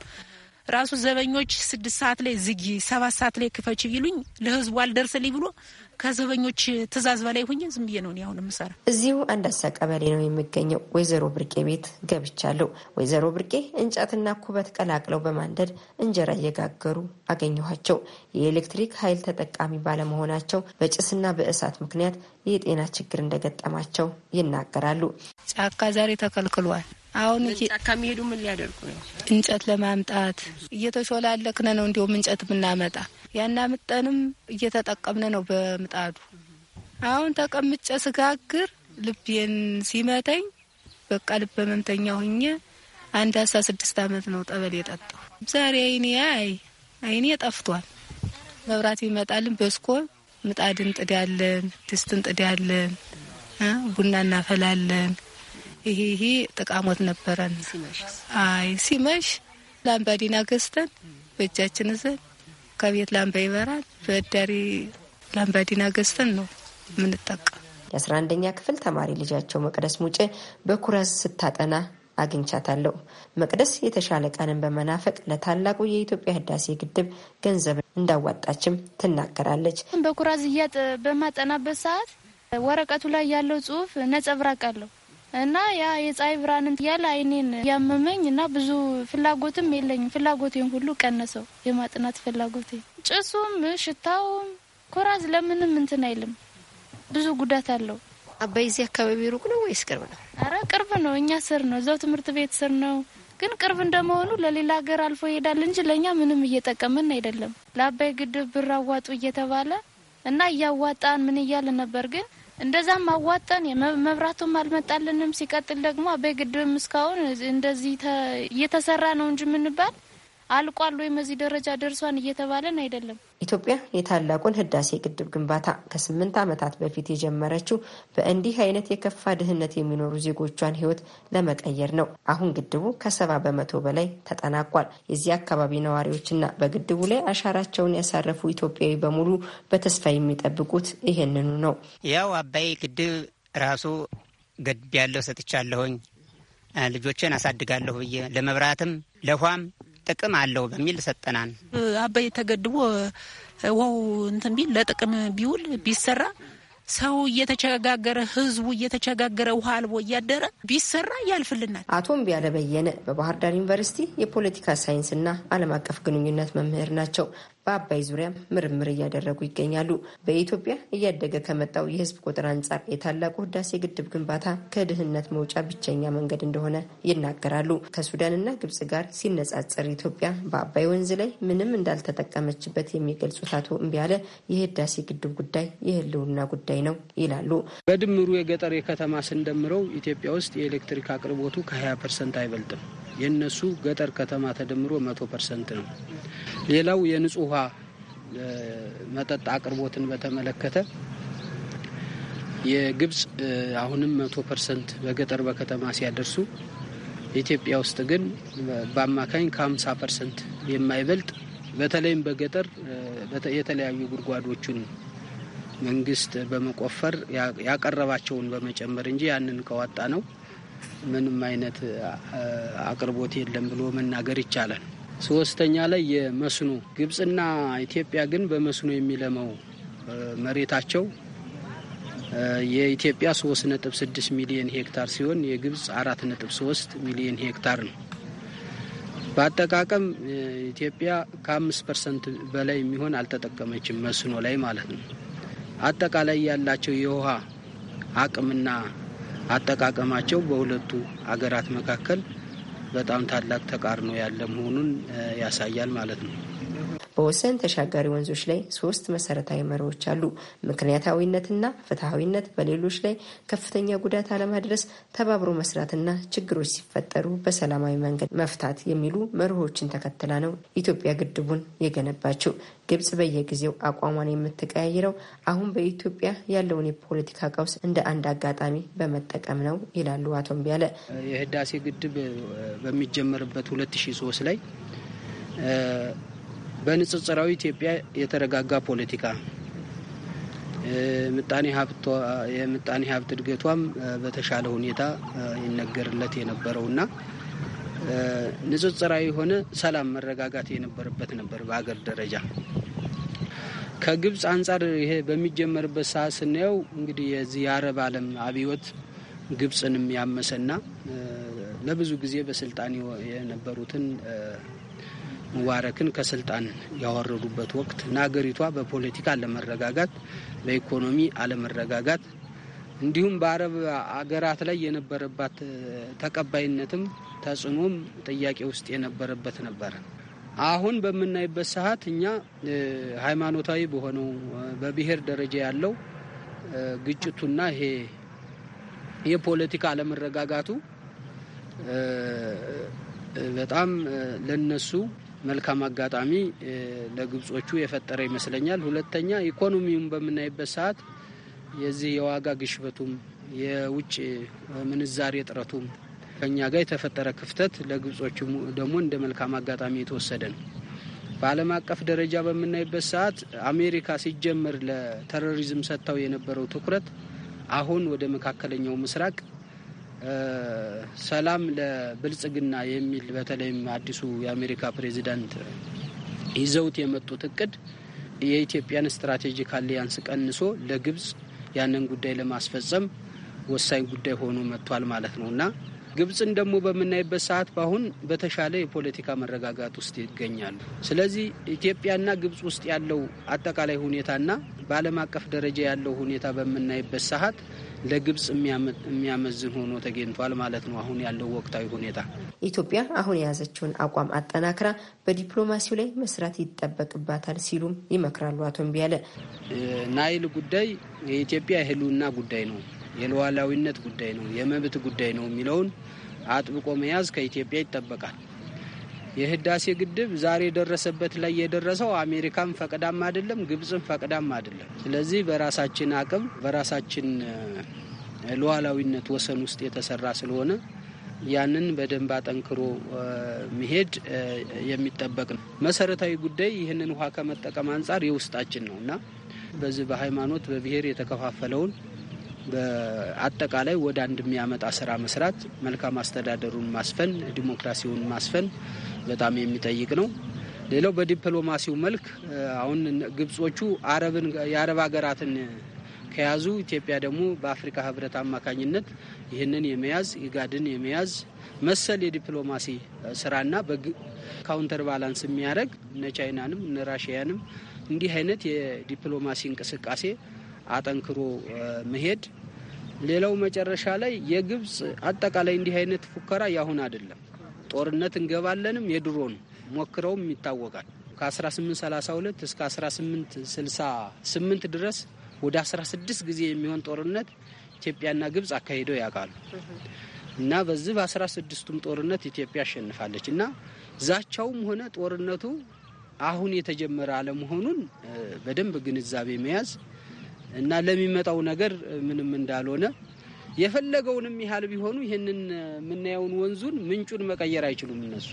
ራሱ ዘበኞች ስድስት ሰዓት ላይ ዝጊ፣ ሰባት ሰዓት ላይ ክፈች ቢሉኝ ለህዝቡ አልደርስልኝ ብሎ ከዘበኞች ትእዛዝ በላይ ሁኝ ዝም ብዬ ነው አሁን የምሰራ። እዚሁ አንዳሳ ቀበሌ ነው የሚገኘው ወይዘሮ ብርቄ ቤት ገብቻለሁ። ወይዘሮ ብርቄ እንጨትና ኩበት ቀላቅለው በማንደድ እንጀራ እየጋገሩ አገኘኋቸው። የኤሌክትሪክ ኃይል ተጠቃሚ ባለመሆናቸው በጭስና በእሳት ምክንያት የጤና ችግር እንደገጠማቸው ይናገራሉ። ጫካ ዛሬ ተከልክሏል። አሁን ጫካ የሚሄዱ ምን ሊያደርጉ ነው? እንጨት ለማምጣት እየተሾላለክነ ነው። እንዲሁም እንጨት የምናመጣ ያና ምጠንም እየተጠቀምን ነው በምጣዱ። አሁን ተቀምጨ ስጋግር ልቤን ሲመተኝ በቃ ልበ መምተኛ ሆኜ አንድ አስራ ስድስት አመት ነው ጠበል የጠጣው። ዛሬ አይኔ አይ አይኔ ጠፍቷል። መብራት ይመጣልን በስኮ ምጣድ እንጥዳለን፣ ድስት እንጥዳለን፣ ቡና እናፈላለን። ይሄ ይሄ ጥቃሞት ነበረን። አይ ሲመሽ ላምባዲና ገዝተን በእጃችን ዘን ከቤት ላምባ ይበራል። በዳሪ ላምባዲና ገዝተን ነው የምንጠቀም። የአስራ አንደኛ ክፍል ተማሪ ልጃቸው መቅደስ ሙጭ በኩራዝ ስታጠና አግኝቻታለሁ። መቅደስ የተሻለ ቀንን በመናፈቅ ለታላቁ የኢትዮጵያ ህዳሴ ግድብ ገንዘብ እንዳዋጣችም ትናገራለች። በኩራዝ እያጥ በማጠናበት ሰዓት ወረቀቱ ላይ ያለው ጽሁፍ ነጸብራቅ አለው እና ያ የፀሐይ ብርሃን እያለ አይኔን ያመመኝ እና ብዙ ፍላጎትም የለኝም። ፍላጎቴን ሁሉ ቀነሰው፣ የማጥናት ፍላጎቴ። ጭሱም ሽታውም ኮራዝ ለምንም እንትን አይልም፣ ብዙ ጉዳት አለው። አባይ እዚህ አካባቢ ሩቅ ነው ወይስ ቅርብ ነው? አረ ቅርብ ነው፣ እኛ ስር ነው፣ እዛው ትምህርት ቤት ስር ነው። ግን ቅርብ እንደመሆኑ ለሌላ ሀገር አልፎ ይሄዳል እንጂ ለእኛ ምንም እየጠቀመን አይደለም። ለአባይ ግድብ ብር አዋጡ እየተባለ እና እያዋጣን ምን እያለ ነበር ግን እንደዛም አዋጠን መብራቱም አልመጣልንም። ሲቀጥል ደግሞ አባይ ግድብም እስካሁን እንደዚህ እየተሰራ ነው እንጂ የምንባል አልቋል ወይም እዚህ ደረጃ ደርሷን እየተባለን አይደለም። ኢትዮጵያ የታላቁን ህዳሴ ግድብ ግንባታ ከስምንት ዓመታት በፊት የጀመረችው በእንዲህ አይነት የከፋ ድህነት የሚኖሩ ዜጎቿን ህይወት ለመቀየር ነው። አሁን ግድቡ ከሰባ በመቶ በላይ ተጠናቋል። የዚህ አካባቢ ነዋሪዎችና በግድቡ ላይ አሻራቸውን ያሳረፉ ኢትዮጵያዊ በሙሉ በተስፋ የሚጠብቁት ይህንኑ ነው። ያው አባይ ግድብ ራሱ ገድብ ያለው ሰጥቻለሁኝ ልጆችን አሳድጋለሁ ብዬ ለመብራትም ለውሃም ጥቅም አለው በሚል ሰጠናን። አባይ ተገድቦ ውሃው እንትን ቢል ለጥቅም ቢውል ቢሰራ ሰው እየተቸጋገረ ህዝቡ እየተቸጋገረ ውሃ አልቦ እያደረ ቢሰራ ያልፍልናል። አቶ እምቢያለ በየነ በባህር ዳር ዩኒቨርሲቲ የፖለቲካ ሳይንስና ዓለም አቀፍ ግንኙነት መምህር ናቸው። በአባይ ዙሪያ ምርምር እያደረጉ ይገኛሉ። በኢትዮጵያ እያደገ ከመጣው የህዝብ ቁጥር አንጻር የታላቁ ህዳሴ ግድብ ግንባታ ከድህነት መውጫ ብቸኛ መንገድ እንደሆነ ይናገራሉ። ከሱዳንና ግብጽ ጋር ሲነጻጸር ኢትዮጵያ በአባይ ወንዝ ላይ ምንም እንዳልተጠቀመችበት የሚገልጹት አቶ እምቢያለ የህዳሴ ግድብ ጉዳይ የህልውና ጉዳይ ነው ይላሉ። በድምሩ የገጠር የከተማ ስንደምረው ኢትዮጵያ ውስጥ የኤሌክትሪክ አቅርቦቱ ከ20 ፐርሰንት አይበልጥም። የእነሱ ገጠር ከተማ ተደምሮ መቶ ፐርሰንት ነው። ሌላው የንጹህ ውሃ መጠጥ አቅርቦትን በተመለከተ የግብጽ አሁንም መቶ ፐርሰንት በገጠር በከተማ ሲያደርሱ ኢትዮጵያ ውስጥ ግን በአማካኝ ከ50 ፐርሰንት የማይበልጥ በተለይም በገጠር የተለያዩ ጉድጓዶቹን መንግስት በመቆፈር ያቀረባቸውን በመጨመር እንጂ ያንን ከዋጣ ነው ምንም አይነት አቅርቦት የለም ብሎ መናገር ይቻላል። ሶስተኛ ላይ የመስኖ ግብጽና ኢትዮጵያ ግን በመስኖ የሚለመው መሬታቸው የኢትዮጵያ 3.6 ሚሊዮን ሄክታር ሲሆን የግብጽ 4.3 ሚሊዮን ሄክታር ነው። በአጠቃቀም ኢትዮጵያ ከ5 ፐርሰንት በላይ የሚሆን አልተጠቀመችም መስኖ ላይ ማለት ነው። አጠቃላይ ያላቸው የውሃ አቅምና አጠቃቀማቸው በሁለቱ አገራት መካከል በጣም ታላቅ ተቃርኖ ያለ መሆኑን ያሳያል ማለት ነው። በወሰን ተሻጋሪ ወንዞች ላይ ሶስት መሰረታዊ መሪዎች አሉ። ምክንያታዊነትና ፍትሐዊነት፣ በሌሎች ላይ ከፍተኛ ጉዳት አለማድረስ፣ ተባብሮ መስራትና ችግሮች ሲፈጠሩ በሰላማዊ መንገድ መፍታት የሚሉ መርሆችን ተከትላ ነው ኢትዮጵያ ግድቡን የገነባችው። ግብጽ በየጊዜው አቋሟን የምትቀያይረው አሁን በኢትዮጵያ ያለውን የፖለቲካ ቀውስ እንደ አንድ አጋጣሚ በመጠቀም ነው ይላሉ አቶ ቢያለ። የህዳሴ ግድብ በሚጀመርበት 2003 ላይ በንጽጽራዊ ኢትዮጵያ የተረጋጋ ፖለቲካ የምጣኔ ሀብት እድገቷም በተሻለ ሁኔታ ይነገርለት የነበረውና ንጽጽራዊ የሆነ ሰላም መረጋጋት የነበረበት ነበር በሀገር ደረጃ። ከግብፅ አንጻር ይሄ በሚጀመርበት ሰዓት ስናየው እንግዲህ የዚህ የአረብ ዓለም አብዮት ግብፅንም ያመሰና ለብዙ ጊዜ በስልጣን የነበሩትን ሙባረክን ከስልጣን ያወረዱበት ወቅት እና ሀገሪቷ በፖለቲካ አለመረጋጋት፣ በኢኮኖሚ አለመረጋጋት እንዲሁም በአረብ አገራት ላይ የነበረባት ተቀባይነትም ተጽዕኖም ጥያቄ ውስጥ የነበረበት ነበር። አሁን በምናይበት ሰዓት እኛ ሃይማኖታዊ በሆነው በብሔር ደረጃ ያለው ግጭቱና ይሄ የፖለቲካ አለመረጋጋቱ በጣም ለነሱ መልካም አጋጣሚ ለግብጾቹ የፈጠረ ይመስለኛል። ሁለተኛ ኢኮኖሚውን በምናይበት ሰዓት የዚህ የዋጋ ግሽበቱም የውጭ ምንዛሬ እጥረቱም ከኛ ጋር የተፈጠረ ክፍተት ለግብጾቹ ደግሞ እንደ መልካም አጋጣሚ የተወሰደ ነው። በዓለም አቀፍ ደረጃ በምናይበት ሰዓት አሜሪካ ሲጀምር ለተሮሪዝም ሰጥተው የነበረው ትኩረት አሁን ወደ መካከለኛው ምስራቅ ሰላም ለብልጽግና የሚል በተለይም አዲሱ የአሜሪካ ፕሬዚዳንት ይዘውት የመጡት እቅድ የኢትዮጵያን ስትራቴጂክ አሊያንስ ቀንሶ ለግብጽ ያንን ጉዳይ ለማስፈጸም ወሳኝ ጉዳይ ሆኖ መጥቷል ማለት ነው እና ግብጽን ደግሞ በምናይበት ሰዓት በአሁን በተሻለ የፖለቲካ መረጋጋት ውስጥ ይገኛሉ። ስለዚህ ኢትዮጵያና ግብጽ ውስጥ ያለው አጠቃላይ ሁኔታና በዓለም አቀፍ ደረጃ ያለው ሁኔታ በምናይበት ሰዓት ለግብጽ የሚያመዝን ሆኖ ተገኝቷል ማለት ነው አሁን ያለው ወቅታዊ ሁኔታ። ኢትዮጵያ አሁን የያዘችውን አቋም አጠናክራ በዲፕሎማሲው ላይ መስራት ይጠበቅባታል ሲሉም ይመክራሉ። አቶ እምቢያለ ናይል ጉዳይ የኢትዮጵያ የህልውና ጉዳይ ነው፣ የሉዓላዊነት ጉዳይ ነው፣ የመብት ጉዳይ ነው የሚለውን አጥብቆ መያዝ ከኢትዮጵያ ይጠበቃል። የህዳሴ ግድብ ዛሬ የደረሰበት ላይ የደረሰው አሜሪካን ፈቅዳም አይደለም፣ ግብፅን ፈቅዳም አይደለም። ስለዚህ በራሳችን አቅም በራሳችን ሉዓላዊነት ወሰን ውስጥ የተሰራ ስለሆነ ያንን በደንብ አጠንክሮ መሄድ የሚጠበቅ ነው። መሰረታዊ ጉዳይ ይህንን ውሃ ከመጠቀም አንጻር የውስጣችን ነው እና በዚህ በሃይማኖት በብሔር የተከፋፈለውን በአጠቃላይ ወደ አንድ የሚያመጣ ስራ መስራት፣ መልካም አስተዳደሩን ማስፈን፣ ዲሞክራሲውን ማስፈን በጣም የሚጠይቅ ነው። ሌላው በዲፕሎማሲው መልክ አሁን ግብጾቹ አረብን የአረብ ሀገራትን ከያዙ ኢትዮጵያ ደግሞ በአፍሪካ ህብረት አማካኝነት ይህንን የመያዝ ኢጋድን የመያዝ መሰል የዲፕሎማሲ ስራና ካውንተር ባላንስ የሚያደርግ እነ ቻይናንም እነ ራሽያንም እንዲህ አይነት የዲፕሎማሲ እንቅስቃሴ አጠንክሮ መሄድ ሌላው መጨረሻ ላይ የግብፅ አጠቃላይ እንዲህ አይነት ፉከራ ያሁን አይደለም። ጦርነት እንገባለንም የድሮ ነው፣ ሞክረውም ይታወቃል። ከ1832 እስከ 1868 ድረስ ወደ 16 ጊዜ የሚሆን ጦርነት ኢትዮጵያና ግብፅ አካሂደው ያውቃሉ። እና በዚህ በ16ቱም ጦርነት ኢትዮጵያ አሸንፋለች። እና ዛቻውም ሆነ ጦርነቱ አሁን የተጀመረ አለመሆኑን በደንብ ግንዛቤ መያዝ እና ለሚመጣው ነገር ምንም እንዳልሆነ የፈለገውንም ያህል ቢሆኑ ይህንን የምናየውን ወንዙን ምንጩን መቀየር አይችሉም እነሱ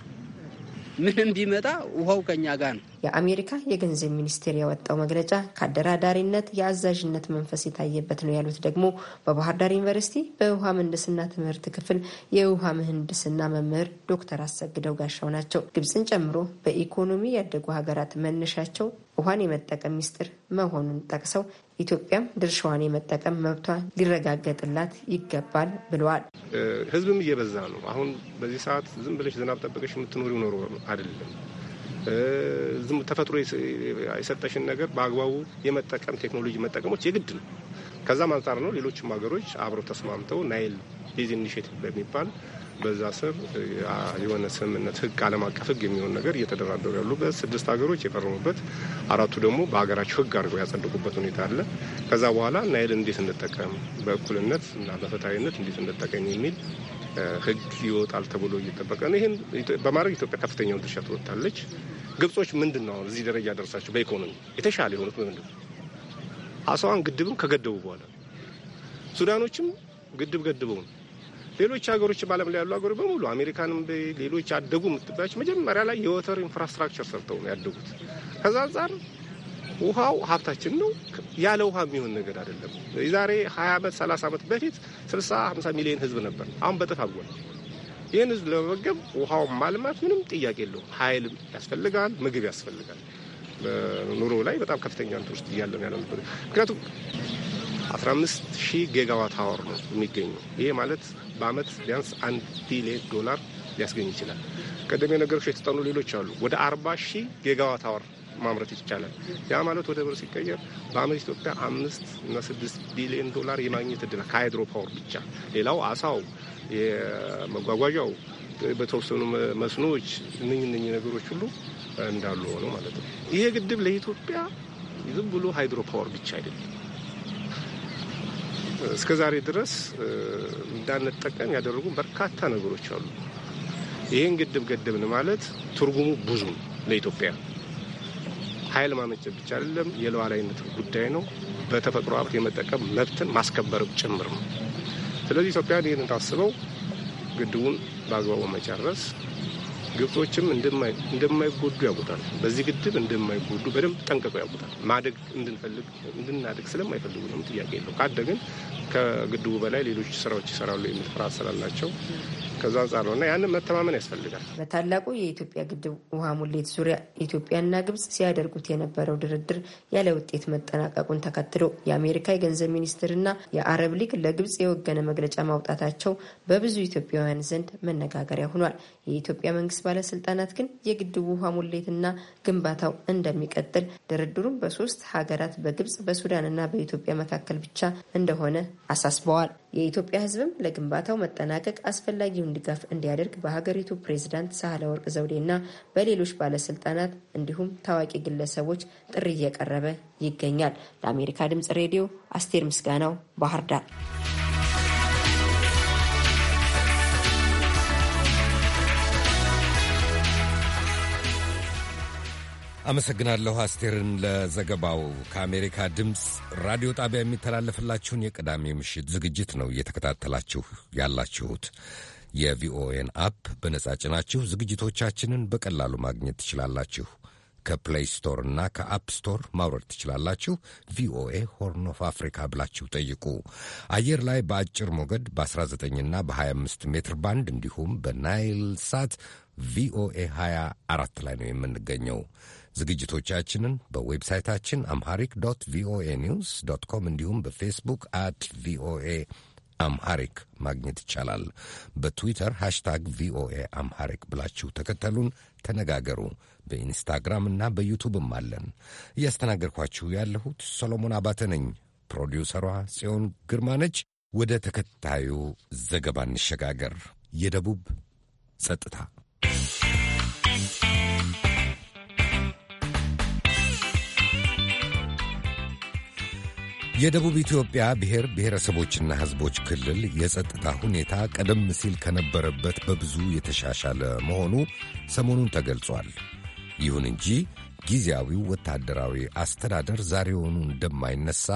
ምንም ቢመጣ ውሃው ከኛ ጋር ነው። የአሜሪካ የገንዘብ ሚኒስቴር ያወጣው መግለጫ ከአደራዳሪነት የአዛዥነት መንፈስ የታየበት ነው ያሉት ደግሞ በባህር ዳር ዩኒቨርሲቲ በውሃ ምህንድስና ትምህርት ክፍል የውሃ ምህንድስና መምህር ዶክተር አሰግደው ጋሻው ናቸው። ግብፅን ጨምሮ በኢኮኖሚ ያደጉ ሀገራት መነሻቸው ውሃን የመጠቀም ሚስጥር መሆኑን ጠቅሰው ኢትዮጵያም ድርሻዋን የመጠቀም መብቷ ሊረጋገጥላት ይገባል ብለዋል። ህዝብም እየበዛ ነው። አሁን በዚህ ሰዓት ዝም ብለሽ ዝናብ ጠበቀሽ የምትኖሪው ኖሮ አይደለም። ዝም ተፈጥሮ የሰጠሽን ነገር በአግባቡ የመጠቀም ቴክኖሎጂ መጠቀሞች የግድ ነው። ከዛም አንጻር ነው ሌሎችም ሀገሮች አብረው ተስማምተው ናይል ቤዝ ኢኒሽቲቭ በሚባል በዛ ስር የሆነ ስምምነት ህግ አለም አቀፍ ህግ የሚሆን ነገር እየተደራደሩ ያሉበት ስድስት ሀገሮች የፈረሙበት አራቱ ደግሞ በሀገራቸው ህግ አድርገው ያጸደቁበት ሁኔታ አለ። ከዛ በኋላ ናይልን እንዴት እንጠቀም በእኩልነት እና በፍትሐዊነት እንዴት እንጠቀም የሚል ህግ ይወጣል ተብሎ እየጠበቀ ነው። ይህን በማድረግ ኢትዮጵያ ከፍተኛውን ድርሻ ትወጣለች። ግብጾች ምንድን ነው እዚህ ደረጃ ደርሳቸው በኢኮኖሚ የተሻለ የሆኑት በምንድን ነው? አስዋን ግድብም ከገደቡ በኋላ ሱዳኖችም ግድብ ገድበው ነው ሌሎች ሀገሮች በዓለም ላይ ያሉ ሀገሮች በሙሉ አሜሪካንም ሌሎች አደጉ የምትባያቸው መጀመሪያ ላይ የወተር ኢንፍራስትራክቸር ሰርተው ነው ያደጉት። ከዛ አንጻር ውሃው ሀብታችን ነው። ያለ ውሃ የሚሆን ነገር አይደለም። የዛሬ 20 ዓመት 30 ዓመት በፊት 60 50 ሚሊዮን ህዝብ ነበር። አሁን በጥፍ አጎል ይህን ህዝብ ለመመገብ ውሃውን ማልማት ምንም ጥያቄ የለውም። ኃይልም ያስፈልጋል፣ ምግብ ያስፈልጋል። በኑሮ ላይ በጣም ከፍተኛ ንት ውስጥ እያለ ያለ ምክንያቱም 15 ሺህ ጌጋዋት አወር ነው የሚገኘው ይሄ ማለት በአመት ቢያንስ አንድ ቢሊዮን ዶላር ሊያስገኝ ይችላል። ቀደም ነገሮች የተጠኑ ሌሎች አሉ። ወደ አርባ ሺህ ጌጋዋት አወር ማምረት ይቻላል። ያ ማለት ወደ ብር ሲቀየር በአመት ኢትዮጵያ አምስት እና ስድስት ቢሊዮን ዶላር የማግኘት እድል ከሃይድሮ ፓወር ብቻ። ሌላው አሳው፣ የመጓጓዣው፣ በተወሰኑ መስኖዎች እነኝ እነኝ ነገሮች ሁሉ እንዳሉ ሆነው ማለት ነው። ይሄ ግድብ ለኢትዮጵያ ዝም ብሎ ሃይድሮ ፓወር ብቻ አይደለም እስከ ዛሬ ድረስ እንዳንጠቀም ያደረጉ በርካታ ነገሮች አሉ። ይህን ግድብ ገደብን ማለት ትርጉሙ ብዙ ነው። ለኢትዮጵያ ኃይል ማመንጨት ብቻ አይደለም፣ የሉዓላዊነት ጉዳይ ነው። በተፈጥሮ ሀብት የመጠቀም መብትን ማስከበር ጭምር ነው። ስለዚህ ኢትዮጵያ ይህን ታስበው ግድቡን በአግባቡ መጨረስ ግብጾችም እንደማይጎዱ ያውቁታል። በዚህ ግድብ እንደማይጎዱ በደንብ ጠንቀቀው ያውቁታል። ማደግ እንድንፈልግ እንድናደግ ስለማይፈልጉ ነው። ጥያቄ የለው። ካደግን ከግድቡ በላይ ሌሎች ስራዎች ይሰራሉ የሚል ፍርሃት ስላላቸው ከዛ አንጻር ነው እና ያንን መተማመን ያስፈልጋል። በታላቁ የኢትዮጵያ ግድብ ውሃ ሙሌት ዙሪያ ኢትዮጵያና ግብጽ ሲያደርጉት የነበረው ድርድር ያለ ውጤት መጠናቀቁን ተከትሎ የአሜሪካ የገንዘብ ሚኒስትርና የአረብ ሊግ ለግብጽ የወገነ መግለጫ ማውጣታቸው በብዙ ኢትዮጵያውያን ዘንድ መነጋገሪያ ሆኗል። የኢትዮጵያ መንግስት ባለስልጣናት ግን የግድቡ ውሃ ሙሌትና ግንባታው እንደሚቀጥል ድርድሩም በሶስት ሀገራት በግብጽ በሱዳንና በኢትዮጵያ መካከል ብቻ እንደሆነ አሳስበዋል። የኢትዮጵያ ህዝብም ለግንባታው መጠናቀቅ አስፈላጊ ተገቢውን ድጋፍ እንዲያደርግ በሀገሪቱ ፕሬዚዳንት ሳህለወርቅ ዘውዴና በሌሎች ባለስልጣናት እንዲሁም ታዋቂ ግለሰቦች ጥሪ እየቀረበ ይገኛል። ለአሜሪካ ድምጽ ሬዲዮ አስቴር ምስጋናው ባህር ዳር። አመሰግናለሁ አስቴርን ለዘገባው። ከአሜሪካ ድምፅ ራዲዮ ጣቢያ የሚተላለፍላችሁን የቅዳሜ ምሽት ዝግጅት ነው እየተከታተላችሁ ያላችሁት። የቪኦኤን አፕ በነጻ ጭናችሁ ዝግጅቶቻችንን በቀላሉ ማግኘት ትችላላችሁ። ከፕሌይ ስቶር እና ከአፕ ስቶር ማውረድ ትችላላችሁ። ቪኦኤ ሆርን ኦፍ አፍሪካ ብላችሁ ጠይቁ። አየር ላይ በአጭር ሞገድ በ19ና በ25 ሜትር ባንድ እንዲሁም በናይል ሳት ቪኦኤ 24 ላይ ነው የምንገኘው። ዝግጅቶቻችንን በዌብሳይታችን አምሃሪክ ዶት ቪኦኤ ኒውስ ዶት ኮም እንዲሁም በፌስቡክ አት ቪኦኤ አምሃሪክ ማግኘት ይቻላል። በትዊተር ሃሽታግ ቪኦኤ አምሃሪክ ብላችሁ ተከተሉን፣ ተነጋገሩ። በኢንስታግራም እና በዩቱብም አለን። እያስተናገድኳችሁ ያለሁት ሰሎሞን አባተ ነኝ። ፕሮዲውሰሯ ጽዮን ግርማ ነች። ወደ ተከታዩ ዘገባ እንሸጋገር። የደቡብ ጸጥታ የደቡብ ኢትዮጵያ ብሔር ብሔረሰቦችና ሕዝቦች ክልል የጸጥታ ሁኔታ ቀደም ሲል ከነበረበት በብዙ የተሻሻለ መሆኑ ሰሞኑን ተገልጿል። ይሁን እንጂ ጊዜያዊው ወታደራዊ አስተዳደር ዛሬውኑ እንደማይነሳ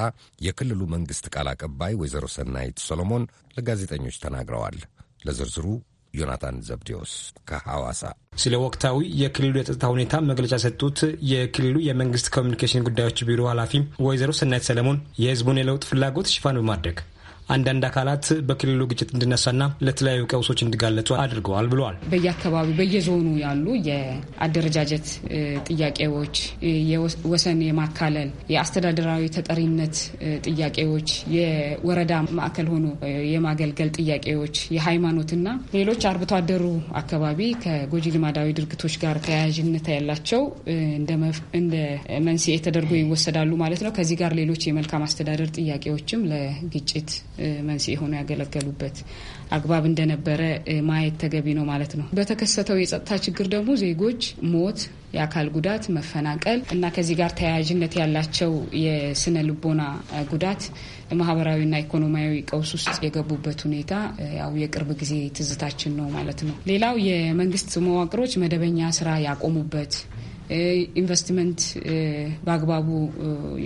የክልሉ መንግሥት ቃል አቀባይ ወይዘሮ ሰናይት ሰሎሞን ለጋዜጠኞች ተናግረዋል። ለዝርዝሩ ዮናታን ዘብዴዎስ ከሐዋሳ ስለ ወቅታዊ የክልሉ የጸጥታ ሁኔታ መግለጫ ሰጡት። የክልሉ የመንግስት ኮሚኒኬሽን ጉዳዮች ቢሮ ኃላፊ ወይዘሮ ስናይት ሰለሞን የህዝቡን የለውጥ ፍላጎት ሽፋን በማድረግ አንዳንድ አካላት በክልሉ ግጭት እንዲነሳና ለተለያዩ ቀውሶች እንዲጋለጡ አድርገዋል ብለዋል። በየአካባቢው በየዞኑ ያሉ የአደረጃጀት ጥያቄዎች፣ የወሰን የማካለል የአስተዳደራዊ ተጠሪነት ጥያቄዎች፣ የወረዳ ማዕከል ሆኖ የማገልገል ጥያቄዎች፣ የሃይማኖትና ሌሎች አርብቶ አደሩ አካባቢ ከጎጂ ልማዳዊ ድርጊቶች ጋር ተያያዥነት ያላቸው እንደ መንስኤ ተደርጎ ይወሰዳሉ ማለት ነው። ከዚህ ጋር ሌሎች የመልካም አስተዳደር ጥያቄዎችም ለግጭት መንስኤ ሆኖ ያገለገሉበት አግባብ እንደነበረ ማየት ተገቢ ነው ማለት ነው። በተከሰተው የጸጥታ ችግር ደግሞ ዜጎች ሞት፣ የአካል ጉዳት፣ መፈናቀል እና ከዚህ ጋር ተያያዥነት ያላቸው የስነ ልቦና ጉዳት ማህበራዊና ኢኮኖሚያዊ ቀውስ ውስጥ የገቡበት ሁኔታ ያው የቅርብ ጊዜ ትዝታችን ነው ማለት ነው። ሌላው የመንግስት መዋቅሮች መደበኛ ስራ ያቆሙበት ኢንቨስትመንት በአግባቡ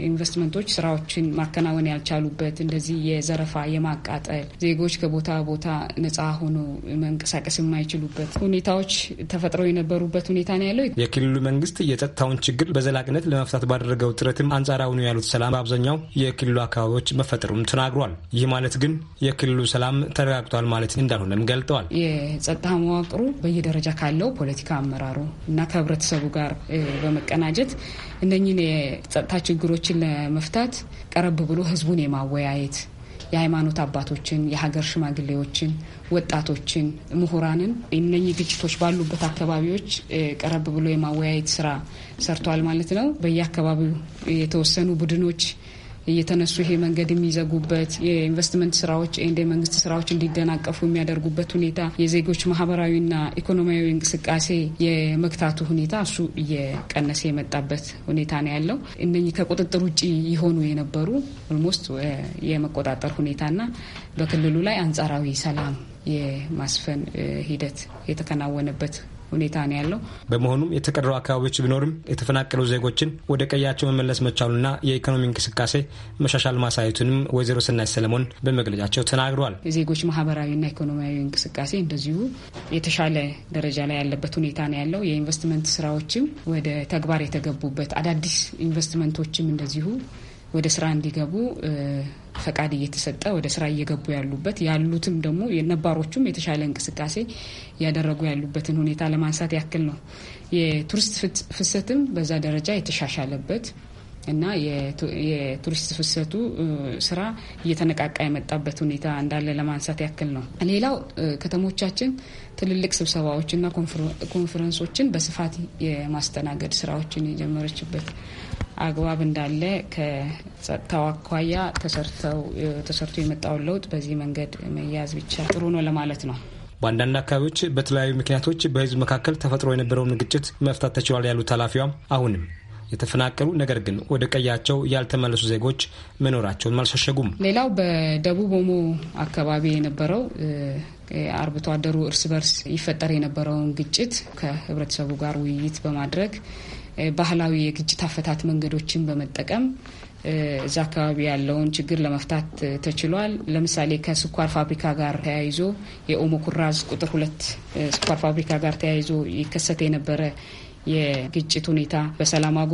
ኢንቨስትመንቶች ስራዎችን ማከናወን ያልቻሉበት እንደዚህ የዘረፋ የማቃጠል ዜጎች ከቦታ ቦታ ነጻ ሆኖ መንቀሳቀስ የማይችሉበት ሁኔታዎች ተፈጥረው የነበሩበት ሁኔታ ነው ያለው። የክልሉ መንግስት የጸጥታውን ችግር በዘላቂነት ለመፍታት ባደረገው ጥረትም አንጻራዊ ነው ያሉት ሰላም በአብዛኛው የክልሉ አካባቢዎች መፈጠሩም ተናግሯል። ይህ ማለት ግን የክልሉ ሰላም ተረጋግቷል ማለት እንዳልሆነም ገልጠዋል። የጸጥታ መዋቅሩ በየደረጃ ካለው ፖለቲካ አመራሩ እና ከህብረተሰቡ ጋር በመቀናጀት እነኚህን የጸጥታ ችግሮችን ለመፍታት ቀረብ ብሎ ህዝቡን የማወያየት የሃይማኖት አባቶችን፣ የሀገር ሽማግሌዎችን፣ ወጣቶችን፣ ምሁራንን እነኚህ ግጭቶች ባሉበት አካባቢዎች ቀረብ ብሎ የማወያየት ስራ ሰርቷል ማለት ነው። በየአካባቢው የተወሰኑ ቡድኖች እየተነሱ ይሄ መንገድ የሚዘጉበት የኢንቨስትመንት ስራዎች ኤንድ የመንግስት ስራዎች እንዲደናቀፉ የሚያደርጉበት ሁኔታ የዜጎች ማህበራዊና ኢኮኖሚያዊ እንቅስቃሴ የመግታቱ ሁኔታ እሱ እየቀነሰ የመጣበት ሁኔታ ነው ያለው። እነኚህ ከቁጥጥር ውጭ የሆኑ የነበሩ ኦልሞስት የመቆጣጠር ሁኔታና በክልሉ ላይ አንጻራዊ ሰላም የማስፈን ሂደት የተከናወነበት ሁኔታ ነው ያለው። በመሆኑም የተቀረው አካባቢዎች ቢኖርም የተፈናቀሉ ዜጎችን ወደ ቀያቸው መመለስ መቻሉና የኢኮኖሚ እንቅስቃሴ መሻሻል ማሳየቱንም ወይዘሮ ስናይ ሰለሞን በመግለጫቸው ተናግረዋል። የዜጎች ማህበራዊና ኢኮኖሚያዊ እንቅስቃሴ እንደዚሁ የተሻለ ደረጃ ላይ ያለበት ሁኔታ ነው ያለው። የኢንቨስትመንት ስራዎችም ወደ ተግባር የተገቡበት አዳዲስ ኢንቨስትመንቶችም እንደዚሁ ወደ ስራ እንዲገቡ ፈቃድ እየተሰጠ ወደ ስራ እየገቡ ያሉበት ያሉትም ደግሞ ነባሮቹም የተሻለ እንቅስቃሴ እያደረጉ ያሉበትን ሁኔታ ለማንሳት ያክል ነው። የቱሪስት ፍሰትም በዛ ደረጃ የተሻሻለበት እና የቱሪስት ፍሰቱ ስራ እየተነቃቃ የመጣበት ሁኔታ እንዳለ ለማንሳት ያክል ነው። ሌላው ከተሞቻችን ትልልቅ ስብሰባዎችና ኮንፈረንሶችን በስፋት የማስተናገድ ስራዎችን የጀመረችበት አግባብ እንዳለ ከጸጥታው አኳያ ተሰርቶ የመጣውን ለውጥ በዚህ መንገድ መያዝ ብቻ ጥሩ ነው ለማለት ነው። በአንዳንድ አካባቢዎች በተለያዩ ምክንያቶች በህዝብ መካከል ተፈጥሮ የነበረውን ግጭት መፍታት ተችሏል ያሉት ኃላፊዋ አሁንም የተፈናቀሉ ነገር ግን ወደ ቀያቸው ያልተመለሱ ዜጎች መኖራቸውን አልሸሸጉም። ሌላው በደቡብ ኦሞ አካባቢ የነበረው አርብቶ አደሩ እርስ በርስ ይፈጠር የነበረውን ግጭት ከህብረተሰቡ ጋር ውይይት በማድረግ ባህላዊ የግጭት አፈታት መንገዶችን በመጠቀም እዛ አካባቢ ያለውን ችግር ለመፍታት ተችሏል። ለምሳሌ ከስኳር ፋብሪካ ጋር ተያይዞ የኦሞ ኩራዝ ቁጥር ሁለት ስኳር ፋብሪካ ጋር ተያይዞ ይከሰት የነበረ የግጭት ሁኔታ በሰላም አጎ